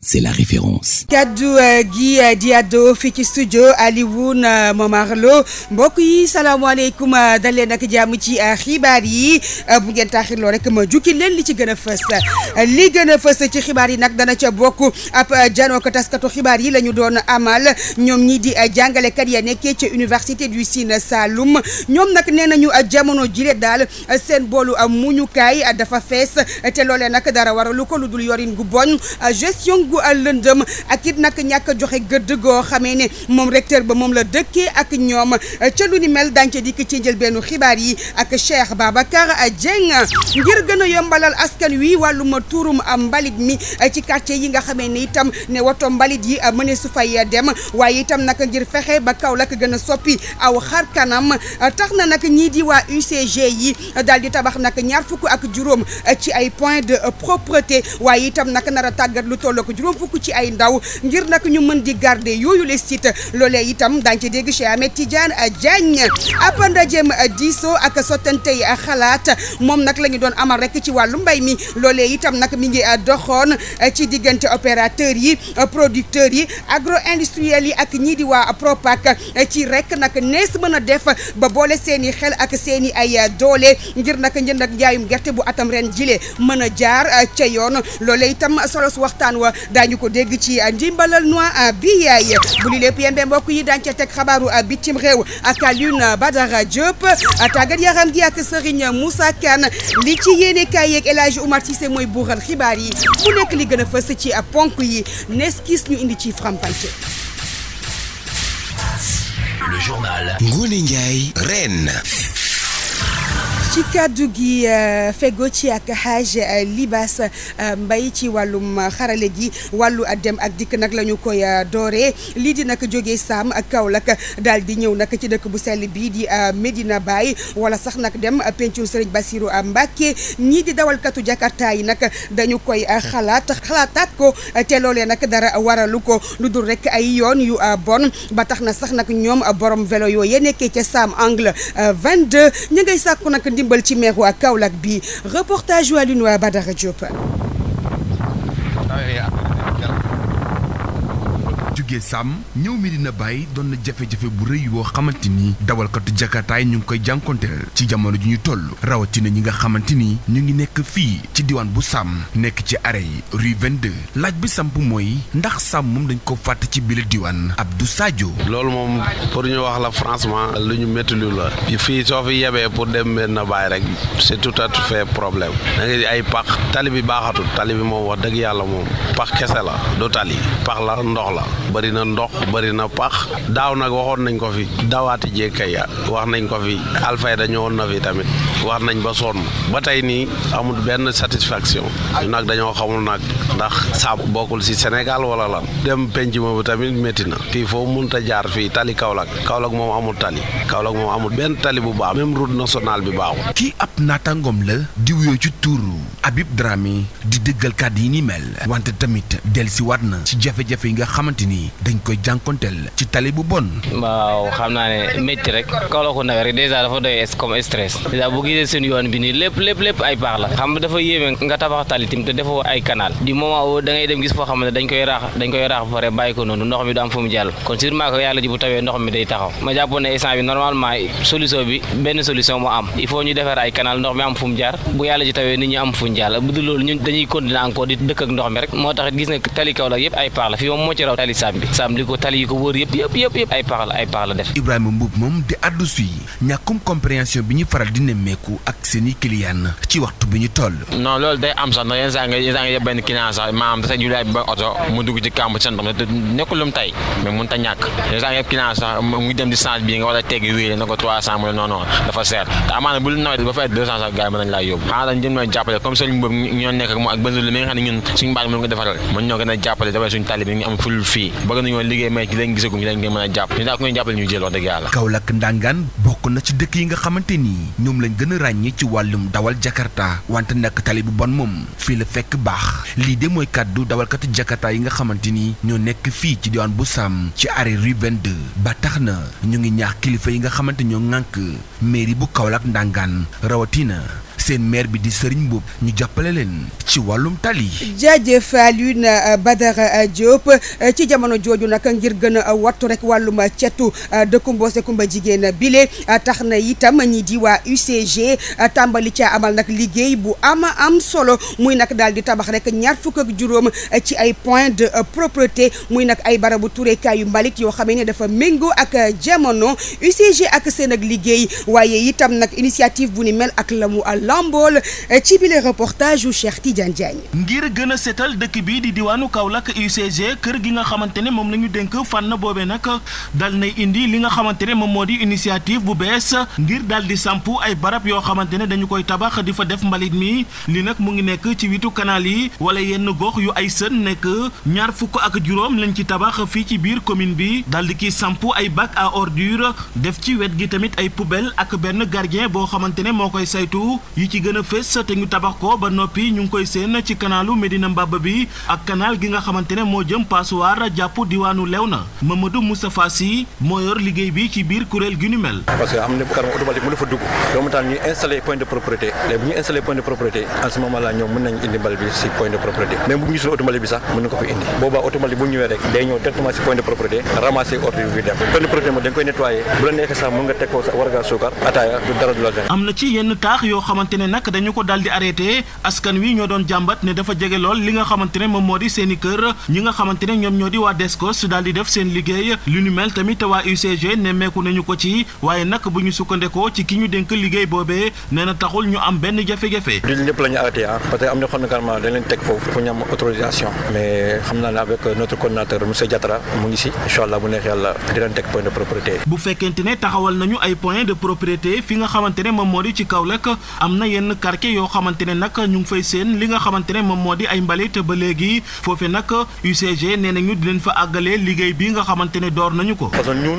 c'est la référence. kaddu euh, gi euh, di àddoo fii ci studio Alioune euh, Momar Lo mbokk yi salaamaaleykum dal leen ak jàmm ci xibaar yi bu ngeen taaxirloo rek ma jukki leen li ci gën a fës li gën a fës ci xibaar yi nag dana ca bokk ab janoo taskatu xibaar yi la ñu doon amal ñoom ñi di jàngalekat ya nekkee ci université du Sine Saloum ñoom nag nee nañu jamono jile daal seen boolu muñukaay dafa fees te loolee nag dara waralu ko lu dul yorin gu boñ gestion. gu lëndëm ak it nag ñàkk joxe gëdd goo xamee ne moom recteur ba moom la dëkkee ak ñoom ca lu ni mel daañu ca dikk ci njëlbeenu xibaar yi ak Cheikh Babacar Dieng ngir gën a yombalal askan wi wàllum tuurum mbalit mi ci quartier yi nga xamee ne itam ne woto mbalit yi mëne su fay dem waaye itam nag ngir fexe ba Kaolack gën a soppi aw xar tax na nag ñii di waa UCG yi dal di tabax nag ñaar fukk ak juróom ci ay point de propreté waaye itam tàggat lu toll juróom fukk ci ay ndaw ngir nag ñu mën di garder yooyu les sites loole itam daañu ci dégg Cheikh Ahmed Tidiane Diagne ab ndajeem diisoo ak sottantey xalaat moom nag lañu doon amal rek ci wàllu mbay mi loolee itam nag mi ngi doxoon ci diggante opérateurs yi producteurs yi agro industriels yi ak ñii di waa Propac ci rek nag nees mën a def ba boole seen i xel ak seeni ay doole ngir nag njënd njaayum gerte bu atam ren jile mën a jaar ca yoon loolee itam su waxtaan wa daañu ko dégg ci euh, ndimbalal noix euh, bi yaay bu li lépp yembe mbokk yi daañu ca teg xabaaru euh, bitim réew ak Alioune Badara Diop tàggat yaram gi ak Serigne Moussa Kane li ci yéene kaay yeeg El Hadj Oumar mooy buural xibaar yi mu nekk li gën a fës ci ponk yi neskis ñu indi ci faram-fàcce. Le ci kàddu gi euh, fego ci ak Haj euh, Libas euh, Mbay ci wàllum xarale ji wàllu dem ak dikk nag lañu koy dooree lii di nag jóge Saam ak Kaolack daal di ñëw nag ci dëkk bu sell bii di Medina baay wala sax nag dem pencum Serigne Bassirou Mbacke ñii di dawalkatu Jakarta yi nag dañu koy xalaat xalaataat ko te loolee nag dara waralu ko lu dul rek ay yoon yu bon ba tax na sax nag ñoom borom vélo yooyu nekkee ca Saam angle 22 ñu ngay sàkku nag yëmbal ci meeru ak Kaolack bi reportage Alioune Badara Diop ah ah. jógee sàmm ñëw Medina Baye doon na jafe bu boo xamante ni dawalkatu jakartaay ñu ngi koy jànkonteel ci jamono ju ñu toll rawatina ñi nga xamante ni ñu ngi nekk fii ci diwaan bu sàmm nekk ci arrêt yi rue 22 laaj bi samp mooy ndax sàmm moom dañ ko fàtte ci biir diwaan ab du Sadio. loolu moom pour ñu wax la francement lu ñu métti lu la fii soo fi yebee pour dem na Baye rek c'est tout à problème da nga ay pax tali bi baaxatul tali bi moom wax dëgg yàlla moom pax kese la du tali pax la ndox la. bari na ndox bari na pax daaw nag waxoon nañ ko fi dawaati ya wax nañ ko fi Alfayda ñëwoon na fi tamit wax nañ ba sonn ba tey nii amul benn satisfaction nag dañoo xamul nag ndax saabu bokkul si Sénégal wala lan dem penc ma bi tamit metti na fii foo munta jaar fii tali Kaolack Kaolack moom amul tali Kaolack moom amul benn tali bu baax même route nationale bi baaxul. kii ab naataangoom la di wuyoo ci tuuru Habib Dramé di dëggal kàddu yi ni mel wante tamit dellusiwaat na ci jafe yi nga xamante ni. ni dañ koy jànkonteel ci tali bu bon. waaw xam naa ne métti rek kaw ko nag rek dèjà dafa doy comme stress dèjà bu gisee seen yoon bi nii lépp lépp lépp ay paax la xam dafa yéeme nga tabax tali tamit te defoo ay canal du moment où da ngay dem gis foo xam ne dañ koy raax dañ koy raax ba pare bàyyi ko noonu ndox mi du am fu mu jàll kon sûrement que yàlla ji bu tawee ndox mi day taxaw ma jàppoon ne instant normalement solution bi benn solution moo am bi saam li tali yi ko wóor yëpp yëpp ay pax ay pax la def Ibrahima moom di addu si ñàkkum compréhension bi ñu faral di nemmeeku ak seeni client ci waxtu bi ñu toll non loolu day am sax ndax yenn saa yenn saa sax maanaam dasa julaay bi ba oto mu dugg ci kàmb ci santam nekkul lu mu mun ta ñàkk yenn saa yeb client sax mu dem di seer te amaana bu nawet ba fay deux cent sax gars yi laa yóbbu xanaa dañ jëm ñoo jàppale comme bëgg nañoo liggéey may ci leen gisagum leen ngeen mën a jàpp ni daa ko ngeen jàppale ñu jël wax dëgg yàlla ndàngaan bokk na ci dëkk yi nga xamante ni ñoom lañ gën a ràññee ci wàllum dawal jakartaa wante nekk tali bu bon moom fii la fekk baax lii de mooy kàddu dawalkat jakarta yi nga xamante ni ñoo nekk fii ci diwaan bu sàmm ci arrêt rue 22 ba tax na ñu ngi ñaax kilifa yi nga xamante ñoo ŋànk mairie bu Kaolack ndàngaan rawatina seen maire bi di Serigne Mboup ñu jàppale leen ci wàllum tali. jaajëf Alioune euh, Badara euh, Diop euh, ci jamono jooju nag ngir gën a wattu rek wàllum cetu dëkku Mbossé Kumba jigéen bile tax na itam ñi di waa UCG tàmbali ca amal nag liggéey bu am am solo muy nag daal di tabax rek ñaar fukk ak juróom ci ay point de propreté muy nag ay barabu turekaayu mbalit yoo xamee ne dafa méngoo ak jamono UCG ak seen ak liggéey waaye itam nag initiative bu ni mel ak la lambool eh, ci bile reportage yu Cheikh Tidiane Diagne. ngir gën a seetal dëkk bi di diwaanu Kaolack UCG kër gi nga xamante ne moom la ñu dénk fànn boobee nag dal nay indi li nga xamante ne moom moo di initiative bu bees ngir daal di samp ay barab yoo xamante ne dañu koy tabax di fa def mbalit mi li nag mu ngi nekk ci witu kanaal yi wala yenn gox yu ay sën nekk ñaar fukk ak juróom lañ ci tabax fii ci biir commune bi daal di ki samp ay bac à ordure def ci wet gi tamit ay poubelle ak benn gardien boo xamante ne moo koy saytu yi ci gën a te ñu tabax ko ba noppi ñu ngi koy seen ci kanalu Medina Mbaba bi ak kanaal gi nga xamante ne moo jëm Passoir jàpp diwaanu Léona Mamadou Moustapha Sy moo yor liggéey bi ci biir kuréel gi nu mel. parce am na kàr automatique mu la fa dugg doomu taal ñuy installé point de propriété léegi bu ñu installé point de propriété en ce moment ñoom mën nañu indi mbal bi si point de propriété même bu ñu gisul automatique bi sax mën na ko fi xamante ne nag dañu ko daal di arrêté askan wi ñoo doon jàmbat ne dafa jege lool li nga xamante ne moom moo di seen i kër ñi nga xamante ne ñoom ñoo di waa Descos daal di def seen liggéey lu nu mel tamit waa UCG nemmeeku nañu ko ci waaye nag bu ñu sukkandekoo ci ki ñu dénk liggéey boobee nee na taxul ñu am benn jafe-jafe. du ñëpp la ñu arrêté ah parce que am na xam ne carrément dañ leen teg foofu fu ñu autorisation mais xam naa ne avec euh, notre coordinateur monsieur Diatara mu ngi si incha allah bu neex yàlla dinañ teg point bu fekkente ne taxawal nañu ay point de propriété fi nga xamante ne moom moo di ci Kaolack am am na yenn quartier yoo xamante ne nag ñu ngi fay séen li nga xamante ne moom moo di ay mbalit ba léegi foofu nag UCG nee nañu di leen fa àggalee liggéey bi nga xamante ne door nañu ko. parce que ñun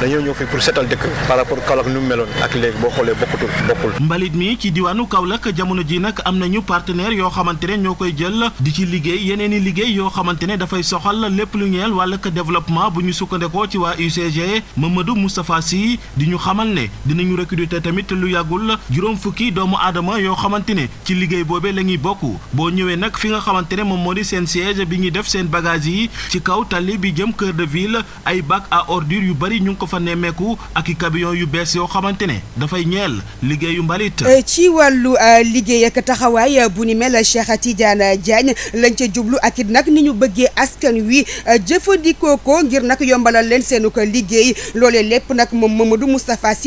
dañoo ñëw fi pour setal dëkk par rapport Kaolack nu mu meloon ak léegi boo xoolee bokkutul bokkul. mbalit mi ci diwaanu Kaolack jamono ji nag am na ñu partenaire yoo xamante ne ñoo koy jël di ci liggéey yeneen i liggéey yoo xamante ne dafay soxal lépp lu ñeel wàll ka développement bu ñu sukkandekoo ci waa UCG Mamadou Moustapha Sy di ñu xamal ne dinañu recruter tamit lu yàggul fukki doomu aadama yoo xamante ne ci liggéey boobee la ñuy bokk boo ñëwee nag fi nga xamante ne moom moo di seen siège bi ñuy def seen bagage yi ci kaw tali bi jëm Cœur de Ville ay bac à ordures yu bari ñu ngi ko fa nemmeeku ak i camion yu bees yoo xamante ne dafay ñeel liggéeyu mbalit. Euh, ci wàllu euh, liggéey ak taxawaay euh, bu ni mel Cheikh Tidiane Diagne lañ ca jublu ak it nag ni ñu bëggee askan wi jëfandikoo ko ngir nag yombalal leen seenu ko liggéey loolee lépp nag moom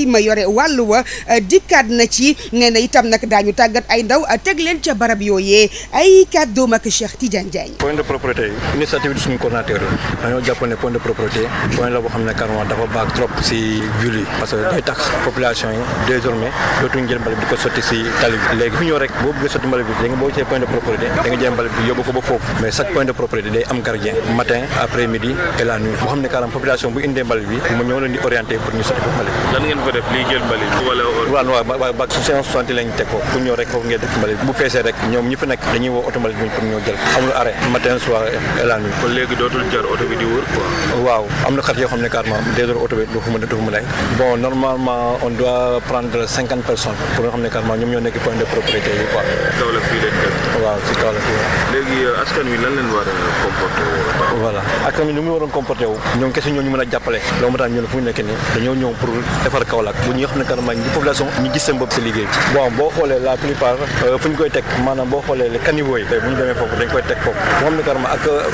ma yore wàllu wa dikkaat na nee na itam nag daañu tàggat ay ndaw teg leen ca barab yooyee ay kàddoom ak Cheikh Tidiane Diagne. point de propreté initiative du suñu coordonnateur la dañoo jàpp ne point de propreté point la tali bi fi ñëw rek boo bëggee sotti mbalit bi da nga jël mbalit bi yóbbu ko ba foofu mais chaque point de propreté day am gardien matin après midi et la nuit boo xam ne carrément population bu indee mbalit bi mu ñëw leen di orienté pour ñu sotti ko mbalit soixante lañ teg ko pour ñëw rek foofu ngay def mbalit bu feesee rek ñoom ñi fa nekk dañuy woo oto mbalit bi pour jël amul arrêt matin soir et la kon léegi dootul jar oto bi di wër quoi. waaw am na xat yoo xam ne carrément déjà oto bi du fa mën a du fa mën de propriété fii lañ def. waaw si Kaolack léegi euh, askan wi lan lañ war a comporter woo. voilà askan wi waroon comporter ñoom kese ñoo ñu mën a jàppale. loolu moo tax ñu nekk nii dañoo bon boo xoolee la plupart euh, fu ñu koy teg maanaam boo xoolee les caniveaux yi bu ñu demee foofu dañ koy teg foofu boo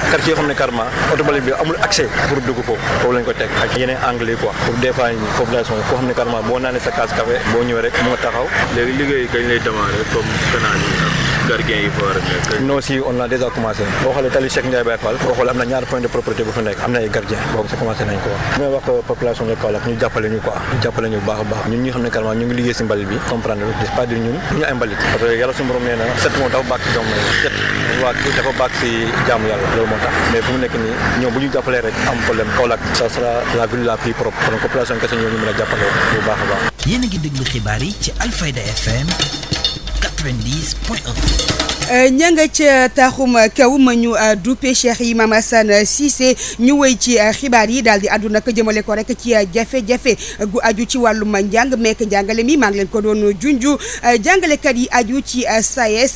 xam ne euh, bi amul accès pour dugg foofu foofu lañ koy teg ak yeneen angle yi quoi pour des fois population foo xam ne Karma boo naanee sa kaas café boo ñëwee rek mu nga taxaw léegi liggéey kañ lay démarrer comme canal gargain yi fa war a nekk. non si on a déjà tali Cheikh Ndiaye Baye Fall boo am na ñaari point de propriété bu fa nekk am na ñu jàppale bu baax baax ñun ngi déglu xibaar yi ci Alfayda FM 90 point 1. kew euh, nga ca taaxum kaw ma ñu euh, dupe Cheikh Imam Assane Cissé ñu wéy ci euh, xibaar yi daal di àddu nag jëmale ko rek ci jafe-jafe gu aju ci wàllum njàng meek njàngale mi maa ngi leen ko doon junju jàngalekat yi aju ci SAES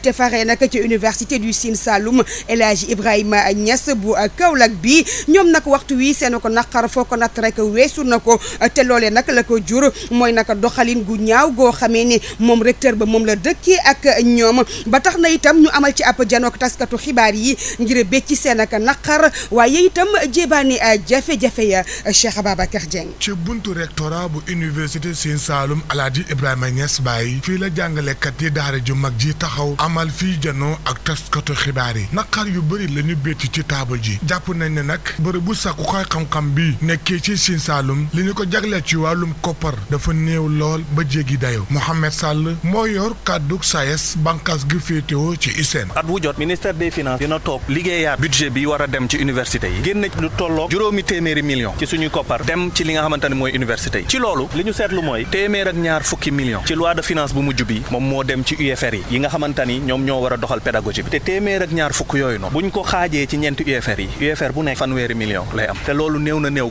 te fare nag ci université du Sine Saloum El Hadj Ibrahima Niass bu Kaolack bi ñoom nag waxtu wii seen ko naqar foo ko natt rek weesu na ko te loolee nag la ko jur mooy nag doxalin gu ñaaw goo xamee ni moom recteur ba moom la. dëkkee ak ñoom ba tax na itam ñu amal ci ab janook taskatu xibaar yi ngir bécci seen ak naqar waaye itam jébaani jafe-jafe ya Cheikh Ababacar Dieng ci buntu rectorat bu université Sine Saalum Alaaji Ibrahima Niass Baye fii la jàngalekat yi daara ju mag ji taxaw amal fii janoo ak taskatu xibaar yi naqar yu bëri la ñu bécc ci taabal ji jàpp nañ ne nag bërëb bu sàkkukaay xam-xam bi nekkee ci Sine Saalum li ñu ko jagleel ci wàllum koppar dafa néew lool ba jéggi dayo Mohamed Sall moo yor kàddug SAES bànqaas gi féetewoo ci ISEN at wu jot ministère des finances dina toog liggéeyaat budget bi war a dem ci université yi génne lu tolloog juróomi téeméeri millions ci suñuy koppar dem ci li nga xamante ne mooy université yi ci loolu li ñu seetlu mooy téeméer ak ñaar fukki millions ci loi de finance bu mujj bi moom moo dem ci UFR yi yi nga xamante ñoom ñoo war a doxal pédagogie bi te téeméer ak ñaar fukk yooyu noonu buñ ko xaajee ci ñeenti UFR yi UFR bu nekk fanweeri millions lay am te loolu néew na néew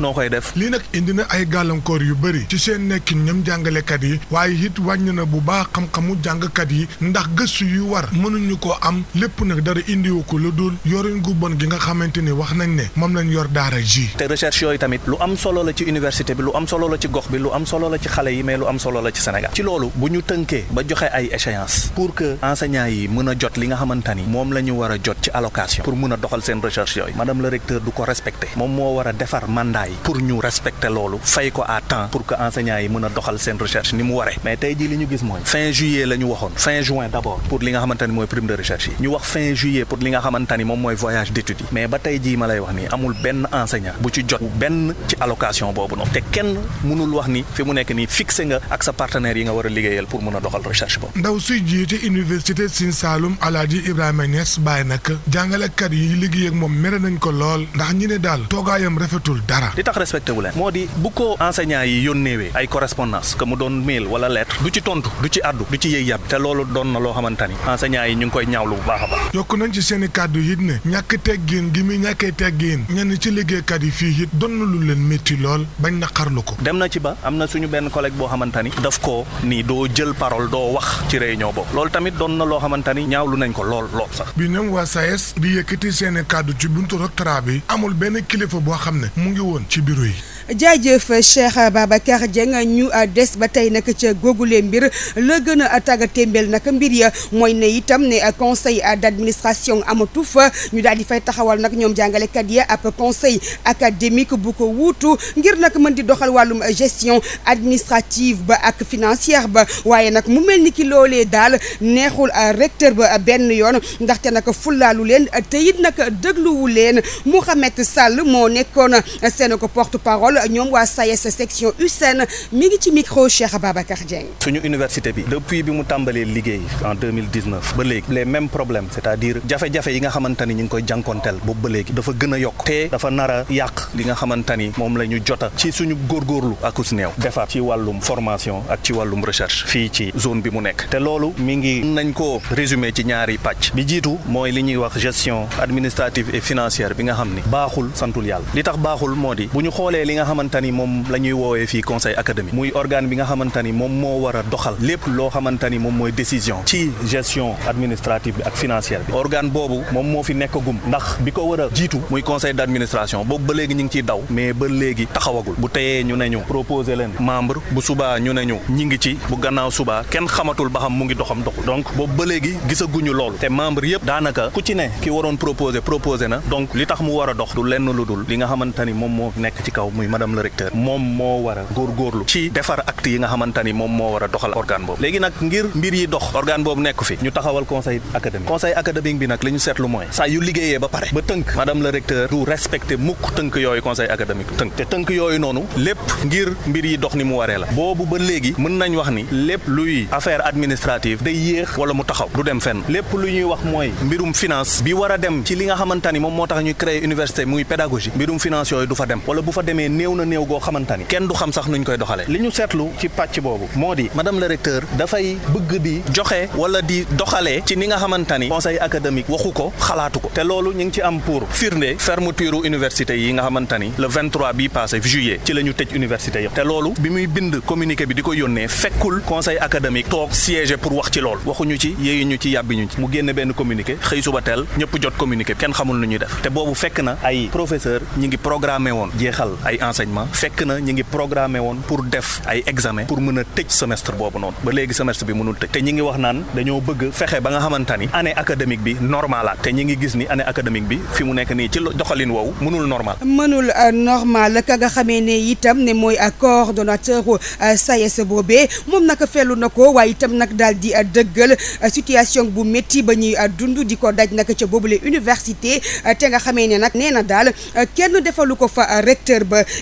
noo koy def lii nag indi na ay gàllankoor yu bëri ci seen nekkin ñoom jàngalekat yi waaye it wàññi wàññi na bu baax xam-xamu jàngkat yi ndax gëstu yu war mënuñu ko am lépp nag dara indiwu ko lu dul yorin gu bon gi nga xamante ni wax nañ ne moom lañ yor daara ji. te recherche yooyu tamit lu am solo la ci université bi lu am solo la ci gox bi lu am solo la ci xale yi mais lu am solo la ci Sénégal ci loolu bu ñu tënkee ba joxe ay échéance pour que enseignants yi mën a jot li nga xamante ni moom la ñu war jot ci allocation pour mën a doxal seen recherche yooyu madame le recteur du ko respecté moom moo war a defar mandat yi ñu respecté loolu fay à temps pour que enseignants yi mën doxal seen recherche ni mu waree li ñu gis mooy fin juillet la ñu waxoon fin juin d' abord pour li nga xamante mooy prime de recherche yi ñu wax fin juillet pour li nga xamante ni moom mooy voyage d' mais ba tey jii ma lay wax ni amul benn enseignant bu ci jot benn ci allocation boobu noonu te kenn mënul wax ni fi mu nekk nii fixé nga ak sa partenaire yi nga war a liggéeyal pour mën a doxal recherche boobu ndaw suy jiite université Sine yi liggéey ak moom mere nañ ko lool ndax ñi ne daal toogaayam rafetul dara li tax respecté wu leen moo di ko enseignant yi yónneewee ay correspondance que mu doon tontu du ci àddu du ci yëy yàb te loolu doon na loo xamante ni enseignants yi ñu ngi koy ñaawlu bu baax yokk nañ ci seeni kàddu it ne ñàkk teggin gi muy ñàkkee teggin ñenn ci liggéeykat yi fii it doon na lu leen métti lool bañ na xarlu ko dem na ci ba am na suñu benn collègue boo xamante ni daf ko nii doo jël parole doo wax ci réunion boobu loolu tamit doon na loo xamante ni ñaawlu nañ ko lool lool sax bi ñoom waa SAES di yëkkati seen i kàddu ci buntu rectorat bi amul benn kilifa boo xam ne mu ngi woon ci bureau yi jaajëf Cheikh Babacar Dieng ñu euh, des ba tey nag ca googule mbir la gën a tàgga témbeel nag mbir ya mooy ne itam ne conseil d'administration amatu fa ñu daal di fay taxawal nag ñoom jàngalekat ya ab conseil académique bu ko wuutu ngir nag mën di doxal wàllum gestion administrative ba ak financière ba waaye nag mu mel ni ki loolee daal neexul euh, recteur ba benn yoon ndaxte nag fullaalu leen te it nag dégluwu leen Mouhamed Sall moo nekkoon seen ko porte ñoom waa SAES e section USSEN mi ngi ci micro Cheikh Babacar suñu université bi depuis bi mu tàmbalee liggéey en 2019 ba léegi les mêmes problèmes c'est-à-dire jafe-jafe yi nga xamante ni ñu ngi koy jànkonteel boobu ba léegi dafa gën a yokk te dafa nar a yàq li nga xamante ni moom la ñu jota ci suñu góorgóorlu ak su néew defar ci wàllum formation ak ci wàllum recherche fii ci zone bi mu nekk te loolu mi ngi nañ ko résumé ci ñaari pàcc bi jiitu mooy li ñuy wax gestion administrative et financière bi nga xam ni baaxul santul yàlla xamante ni moom la ñuy woowee fii conseil académique muy organe bi nga xamante ni moom moo war a doxal lépp loo a ba léegi ñu ngi ciy daw mais ba léegi taxawagul bu teyee ñu ne ñu proposé leen membre bu subaa ñu ne ñu ci bu gannaaw subaa kenn xamatul ba xam mu ngi doxam doxul donc boobu ba léegi gisaguñu loolu te membre yëpp daanaka ku ci ne ki waroon proposé proposé na donc li tax mu war a dox lenn lu dul li nga xamante moom moo nekk ci kaw muy madame le recteur moom moo war a góorgóorlu ci defar acte yi nga xamante ni moom moo war a doxal organe boobu léegi nag ngir mbir yi dox organe boobu nekk fi ñu taxawal conseil académique conseil académique bi nag li ñu seetlu mooy saa yu liggéeyee ba pare ba tënk madame le recteur du respecté mukk tënk yooyu conseil académique tënk te tënk yooyu noonu lépp ngir mbir yi dox ni mu waree la boobu ba léegi mën nañ wax ni lépp luy affaire administrative day yéex wala mu taxaw du dem fenn lépp lu ñuy wax mooy mbirum finance bi war a dem ci li nga xamante ni moom moo tax ñuy créer université muy pédagogie mbirum néew na néew goo xamante ni kenn du xam sax nuñ koy doxalee li ñu seetlu ci pàcc boobu moo di madame le recteur dafay bëgg di joxe wala di doxalee ci ni nga xamante ni conseil académique waxu ko xalaatu ko te loolu ñu ngi ci am pour firnde fermeture université yi nga xamante ni le 23 bi passé juillet ci la ñu tëj université yi te loolu bi muy bind communiqué bi di ko yónnee fekkul conseil académique toog siège pour wax ci loolu waxuñu ci yéeyu ñu ci yàbbi ñu ci mu génn benn communiqué xëy suba teel ñëpp jot communiqué kenn xamul nu def te boobu fekk na ay professeur ñi ngi programmé woon jeexal ay d'enseignement fekk na ñu ngi programmé woon pour def ay examen pour mën a tëj semestre boobu noonu ba léegi semestre bi mënul tëj te ñi ngi wax naan dañoo bëgg fexe ba nga xamante ni année académique bi normalaat te ñi ngi gis ni année académique bi fi mu nekk nii ci doxalin woowu mënul normal. mënul euh, normal ka nga xamee ne itam ne mooy euh, coordonnateur euh, SAES boobee moom nag fellu na ko waaye itam nag daal di dëggal situation bu métti ba ñuy dund di ko daj nag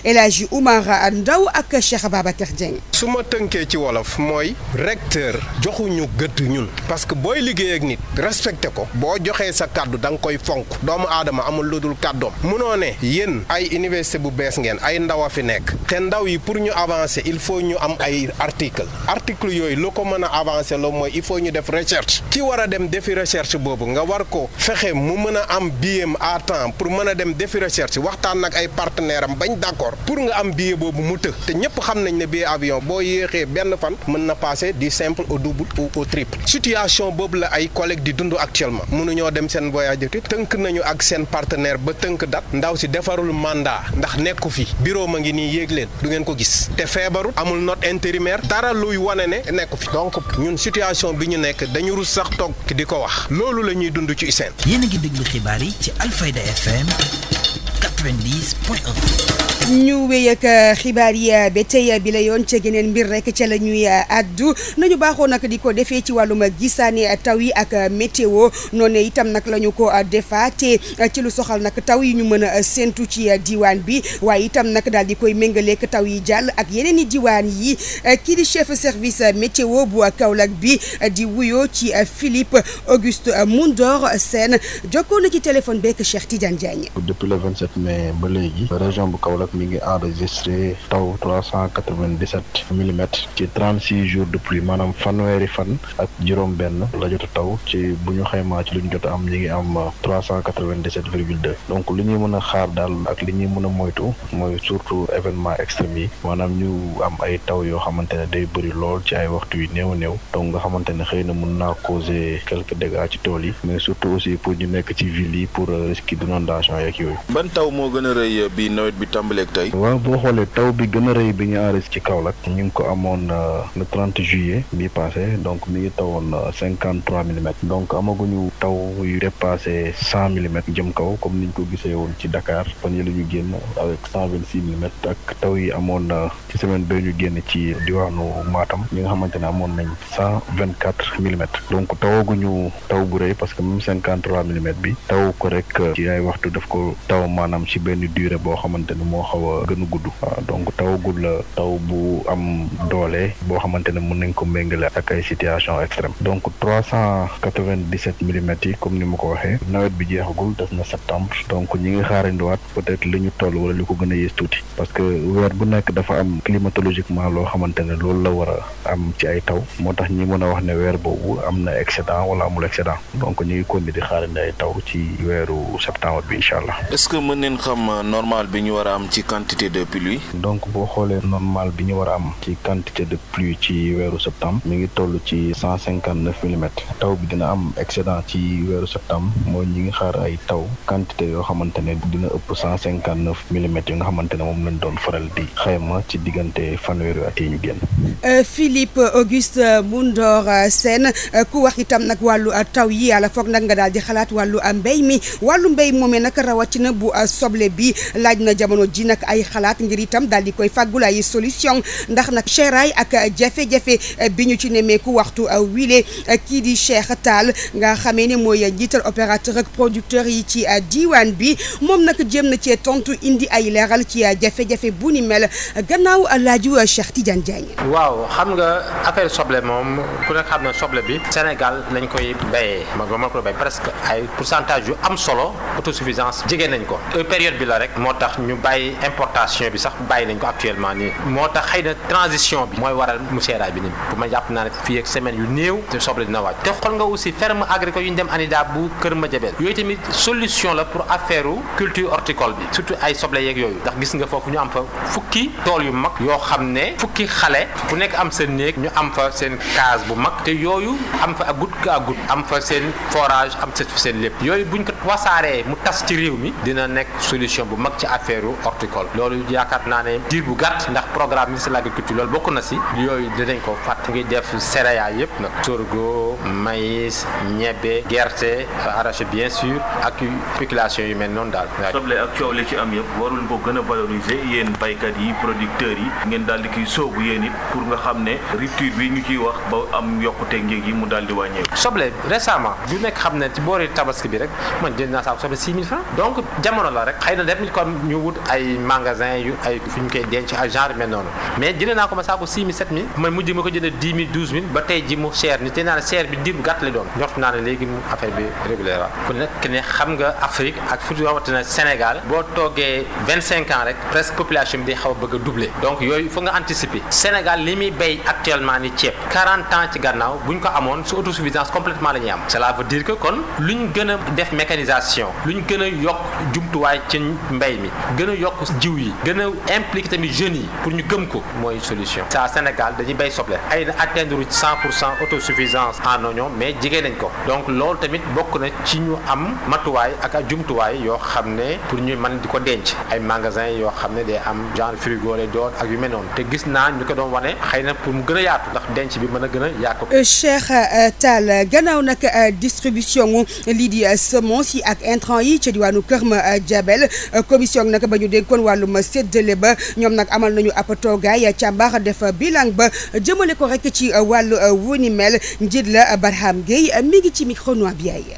El Hadji Oumar Ndaw ak Cheikh Babacar Dieng. su ma tënkee ci wolof mooy recteur joxuñu gëdd ñun parce que booy liggéey ak nit respecté ko boo joxee sa kàddu da nga koy fonk doomu aadama amul lu dul kàddoom munoo ne yéen ay université bu bees ngeen ay ndaw a fi nekk te ndaw yi pour ñu avancer il faut ñu am ay article article yooyu lu ko mën a avancer loo mooy il faut ñu def recherche ci war a dem defi recherche boobu nga war ko fexe mu mën a am biem à temps pour mën a dem defi recherche waxtaan nag ay partenaire am bañ d'accord aéroport pour nga am billet boobu mu të te ñëpp xam nañ ne bii avion boo yéexee benn fan mën na passer di simple au double ou au triple boobu la ay collègues di dund actuellement mënuñoo dem seen voyage d'étude tënk nañu ak seen partenaire ba tënk dat ndaw si defarul mandat ndax nekku fi bureau ma ngi nii yéeg leen du ngeen ko gis te feebarut amul not intérimaire dara luy wane ne nekku fi donc ñun situation bi ñu nekk dañu rus sax toog di ko wax loolu la ñuy dund ci ISEN. yéen a ngi déglu yi ci Alfayda ñu wéy ak euh, xibaar yi euh, ba tey bi la yoon ca geneen mbir rek ca la ñuy addu euh, nañu baaxoo nag di ko defee ci wàllum gisaane taw yi ak météo noonu itam nag la ñu ko defaatee ci lu soxal nag taw yi ñu mën a séntu ci diwaan bi waaye itam nak daal di koy méngaleek taw yi jàll ak yeneen i diwaan yi kii di chef service météo bu Kaolack bi di wuyoo ci Philippe Auguste Moundor Sène jokkoo na ci téléphone beeg Cheikh Tidiane Diagne. depuis le 27 mai ba léegi mi ngi enregistré taw trois cent quatre vingt dix sept millimètres ci trente six jours de pluie maanaam fanweeri fan ak juróom-benn la jot a taw ci bu ñu xaymaa ci lu ñu jot am ñi ngi am trois cent quatre vingt dix sept virgule deux donc li ñuy mën a xaar daal ak li ñuy mën a moytu mooy surtout événement extrême yi maanaam ñu am ay taw yoo xamante ne day bëri lool ci ay waxtu yu a néew donc nga xamante ne xëy na mën naa causer quelques dégâts ci tool yi mais surtout aussi pour ñu nekk ci ville yi pour risque d'inondation yeeg yooyu. ban léegi tey. boo xoolee taw bi gën a rëy bi ñu enregistré ci Kaolack ñu ngi ko amoon euh, le trente juillet bi passé donc mi ngi tawoon euh, cinquante trois millimètres donc amaguñu taw yu dépassé cent millimètres jëm kaw comme niñ ko gisee woon ci dakaar fan yi la ñu génn avec cent vingt six millimètres ak taw yi amoon euh, ci semaine bee ñu génn ci diwaanu maatam ñi nga xamante ne amoon nañ cent vingt quatre millimètres donc tawaguñu taw bu rëy parce que même cinquante trois bi taw ko rek ci waxtu daf ko taw maanaam ci benn durée boo xamante ne moo xaw a gën a gudd ah, donc tawagul la taw bu am doolee boo xamante ne mën nañ ko méngale ak ay situation extrême donc trois cent quatre-vingt-dix-sept millimètres yi comme ni ma ko waxee nawet bi jeexagul def na septembre donc ñi ngi xaarandiwaat peut-être li ñu toll wala li ko gën a yées tuuti parce que weer bu nekk dafa am climatologiquement loo xamante ne loolu la war a am ci ay taw moo tax ñi mën a wax ne weer boobu am na excédent wala amul excédent donc ñu ngi continuer di xaarandi ay taw ci weeru septembre bi incha allah. ñu war am ci quantité de pluie. donc boo xoolee normal bi ñu war am ci quantité de pluie ci weeru septembre mi ngi toll ci cent cinquante neuf millimètres taw bi dina am excédent ci weeru septembre mooy ñi ngi xaar ay taw quantité yoo xamante ne dina ëpp cent cinquante neuf millimètres yi nga xamante ne moom lañ doon faral di xayma ci diggante fanweeri at yi ñu génn. Euh, Philippe Auguste Moundor Sène euh, ku wax itam nag wàllu euh, taw yi yàlla foog nag nga daal di xalaat wàllu mbéy mi wàllu mbéy moomee nag rawatina bu soble bi laaj nag ay xalaat ngir itam daal di koy fàggul ay solution ndax nag cheray ak jafe-jafe eh, bi ñu ci nemmeeku waxtu eh, wile eh, kii di Cheikh Tall nga xamee ne mooy njiital opérateur ak producteur yi ci diwaan bi moom nag jéem na cee tontu indi ay leeral ci jafe-jafe bu ni mel gannaaw laaju Cheikh Tidiane Diagne. waaw xam nga affaire soble moom ku ne xam na soble bi. Sénégal lañ koy béyee. ma ma ko béy presque ay pourcentage yu am solo autosuffisance jigéen nañ ko euh, période importation bi sax bàyyi nañ ko actuellement nii moo tax xëy na transition bi mooy waral mu seeraay bi nii bu ma jàpp naa ne fii ak semaine yu néew te soble dina wàcc te xool nga aussi ferme agricole yu ñu dem ANIDA bu Kër Madiabel yooyu tamit solution la pour affaire culture horticole bi surtout ay soble yeeg yooyu ndax gis nga foofu ñu am fa fukki tool yu mag yoo xam ne fukki xale ku nekk am seen néeg ñu am fa seen case bu mag te yooyu am fa goutte à goutte am fa seen forage am seen lépp yooyu buñ ko wasaaree mu tas ci réew mi dina nekk solution bu mag ci affaire agricole loolu yaakaar naa ne diir bu gàtt ndax programme ministre de l'agriculture loolu bokk na si yooyu dinañ ko fàtt ngi def céréales yëpp nag sorgho maïs ñebe gerte arachide bien sûr ak spéculation yu mel noonu daal soble ak coow li ci am yëpp warul ko gën a yéen baykat yi producteurs yi ngeen daal di kiy soobu yéen it pour nga xam ne rupture bi ñu ciy wax ba am yokkute njëg yi mu daal di wàññeeku soble récemment bu nekk xam ne ci boori tabaski bi rek man jënd na def ñu magasin yu ay fu ñu koy denc ak genre mel noonu mais jëlee naa ko ma saako 6 000 7 000 man mujj ma ko jëndee 10 000 ba tey ji mu cher ni te naa ne cher bi diir bu gàtt doon njort naa ne léegi mu affaire bi régulier wa ku nekk ne xam nga Afrique ak fu ñu xamante ne Sénégal boo toogee 25 ans rek presque population bi day xaw a bëgg a doubler donc yooyu faut nga anticiper Sénégal li muy béy actuellement ni ceeb 40 ans ci gannaaw bu ñu ko amoon su autosuffisance complètement la ñuy am cela veut dire que kon luñ gën a def gën a yokk jumtuwaay ci mbéy mi jiw yi gën a impliqué tamit jeunes yi pour ñu gëm ko mooy solution ça Sénégal dañu bay soble ay na atteindre cent pour cent autosuffisance en oignon mais jigéen nañ ko donc loolu tamit bokk na ci ñu am matuwaay ak jumtuwaay yoo xam ne pour ñu mën di ko denc ay magasin yoo xam ne day am genre frigo lay ak yu mel noonu te gis naa ñu ko doon wane xay na pour mu gën a yaatu ndax denc bi mën a gën a yaatu euh, Cheikh euh, Tall gannaaw nag euh, distribution lii di semence yi ak intrant yi ca diwaanu Kër Madiabel wàllu ma séddale ba ñoom nag amal nañu ab toogaay càmbar def bilan ba jëmale ko rek ci wàllu wu ni mel njiit la Barham Gueye mi ngi ci micro Noa Biaye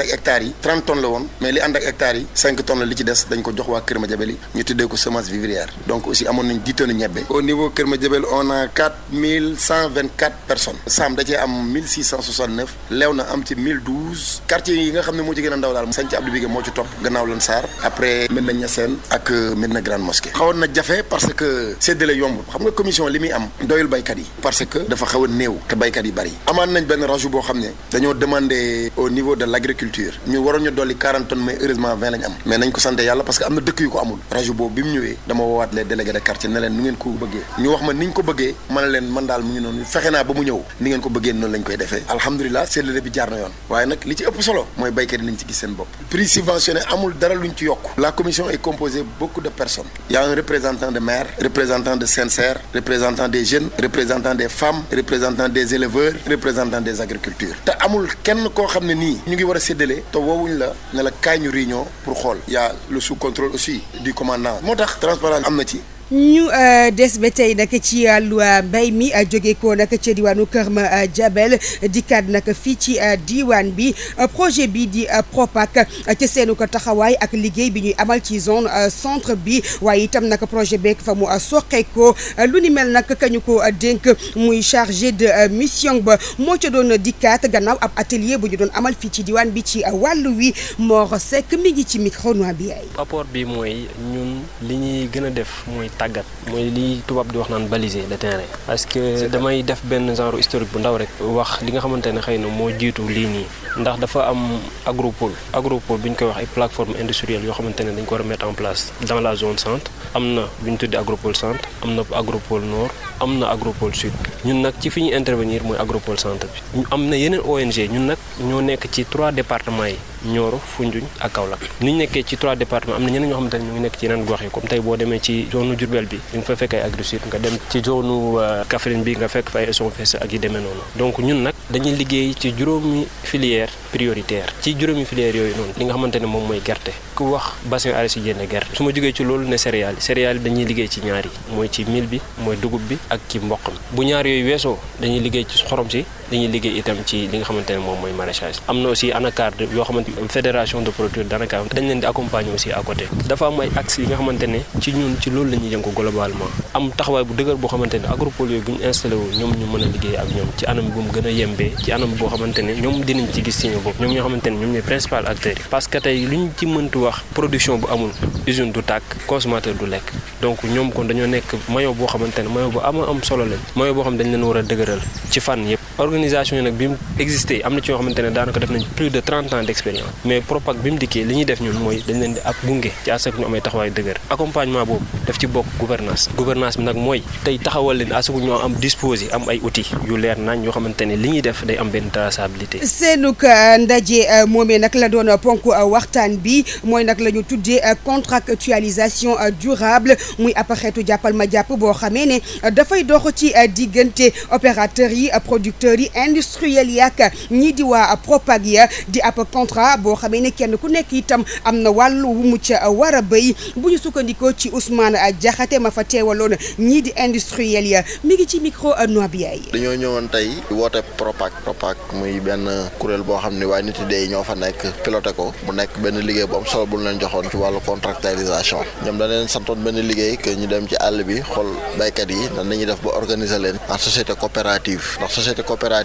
ànd ak hectares yi 30 tonnes la woon mais li ànd ak hectares yi 5 la li ci des dañ ko jox waa Kër Madiabel yi ñu tuddee ko semence vivrière donc aussi amoon nañ 10 tonnes ñebbe au niveau Kër Madiabel on a 4124 personnes Sam da am 1669 na am ci 1012 yi nga xam ne moo ci gën a ndaw daal sañ ci Abdou Bigué moo ci topp gannaaw lan Sarr après Medina Niassène ak euh, Medina Grande Mosquée xawoon na jafe parce que séddale yombul xam nga commission culture ñu waroon ñu dolli 40 tonnes mais heureusement 20 lañ am mais nañ ko sant yàlla parce que am na dëkk yu ko amul rajo bi mu ñëwee dama woowaat les de quartier ne nu ngeen ko bëggee ñu wax ma ni ñu ko bëggee man leen man daal mu ngi noonu fexe naa ba mu ñëw ni ngeen ko bëggee noonu lañ koy defee alhamdulilah seetlale bi jaar na yoon waaye nag li ci ëpp solo mooy béykat yi nañ ci gis seen bopp prix subventionné amul séddale te woowuñ la ne la kaay ñu réunion pour xool yaa a le sous contrôle aussi du commandant moo tax transparence am na ci ñu euh, des ba tey nag ci wàllu euh, mbay mi euh, jóge ko nag ca diwaanu Kër Ma Jabel dikkaat nag fii ci diwaan bi projet bi di Propac ca seenu ko taxawaay ak liggéey bi ñuy amal ci zone centre bi waaye itam nag projet beeg fa mu soqee lu ni mel nag kañu ko dénk muy chargé de mission ba moo ci doon dikkaat gannaaw ab atelier bu ñu doon amal fii ci diwaan bi ci wàll wi Mor sekk mi ngi ci micro noir bi ay rapport bi mooy ñun li ñuy gën a def tàggat mooy li tubaab di wax naan baliser le terrain parce que damay def benn genre historique bu ndaw rek wax li nga xamante ne xëy na moo jiitu lii nii ndax dafa am agropole agropole bu ñu koy wax ay plateforme industrielle yoo xamante ne dañ ko war a mettre en place dans la zone centre am na bu ñu tuddee agropole centre am na agropol nord am na agropol sud ñun nag ci fi ñu intervenir mooy agropole centre bi am na yeneen ONG ñun nag ñoo nekk ci trois départements yi Nioro Foundiougne ak Kaolack ni ñu nekkee ci trois départements am na ñeneen ñoo xamante ne ñu ngi nekk ci yeneen gox yi comme tey boo demee ci zone Diourbel bi di nga fa fekk ay Agri nga dem ci zone euh, Kaffrine bi nga fekk fa ay Essenfesse ak yi demee noonu donc ñun nag dañuy liggéey ci juróomi filière prioritaire ci juróomi filière yooyu noonu li nga xamante ne moom mooy gerte ku wax bassin arachidier ne gerte su ma jógee ci loolu ne céréales yi dañuy liggéey ci ñaar yi mooy ci mil bi mooy dugub bi ak ci mboq mi bu ñaar yooyu weesoo dañuy liggéey ci xorom si dañuy liggéey itam ci li nga xamante moom mooy maraîchage am na aussi anacarde yoo xamante fédération de producteurs d'anacarde dañ leen di accompagner aussi à dafa am ay axes yi ne ci ñun ci loolu la ñuy bu dëgër boo xamante ne agropole yooyu bu ñu installé wu ñoom ñu mën a liggéey ak ñoom ci anam bu mu gën yembee ci anam boo xamante ne ñoom dinañ ci gis seen bopp ñoom ñoo xamante ne ñoom ñooy principal acteurs yi parce que tey lu ñu ci mëntu wax production bu amul usine du tàkk consommateur du lekk donc ñoom kon dañoo nekk boo xamante ne maillon bu ama am solo boo xam dañ leen war a dëgëral ci fànn yëpp colonisation yi nag bi mu existé am na ci yoo xamante ne daanaka def mu dikkee ci bokk gouvernance gouvernance bi nag mooy tey taxawal leen àsak ñoo am disposé am ay outils yu leer nañ yoo xamante li ñuy def day am benn traçabilité seenuk euh, ndaje euh, moomee nag la doon ponk euh, waxtaan bi mooy nag la tuddee contractualisation durable muy ab jàppal ma jàpp boo xamee ne dafay dox ci diggante opérateurs yi producteurs yi industriel yaak ñii di waa Propac ya di ab contrat boo xamee ne kenn ku nekk itam am na wàllu wu mu ca war a béy bu ñu sukkandikoo ci Ousmane Diakhaté ma fa teewaloon ñii di industriel ya mi ngi ci micro bi Noabiaye. dañoo ñëwoon tey woote Propac Propac muy benn kuréel boo xam ne waaye nit dee ñoo fa nekk piloté ko mu nekk benn liggéey bu am solo bu ñu leen joxoon ci wàllu contractualisation ñoom dañ leen santoon benn liggéey que ñu dem ci àll bi xool baykat yi nan la ñuy def ba leen en société coopérative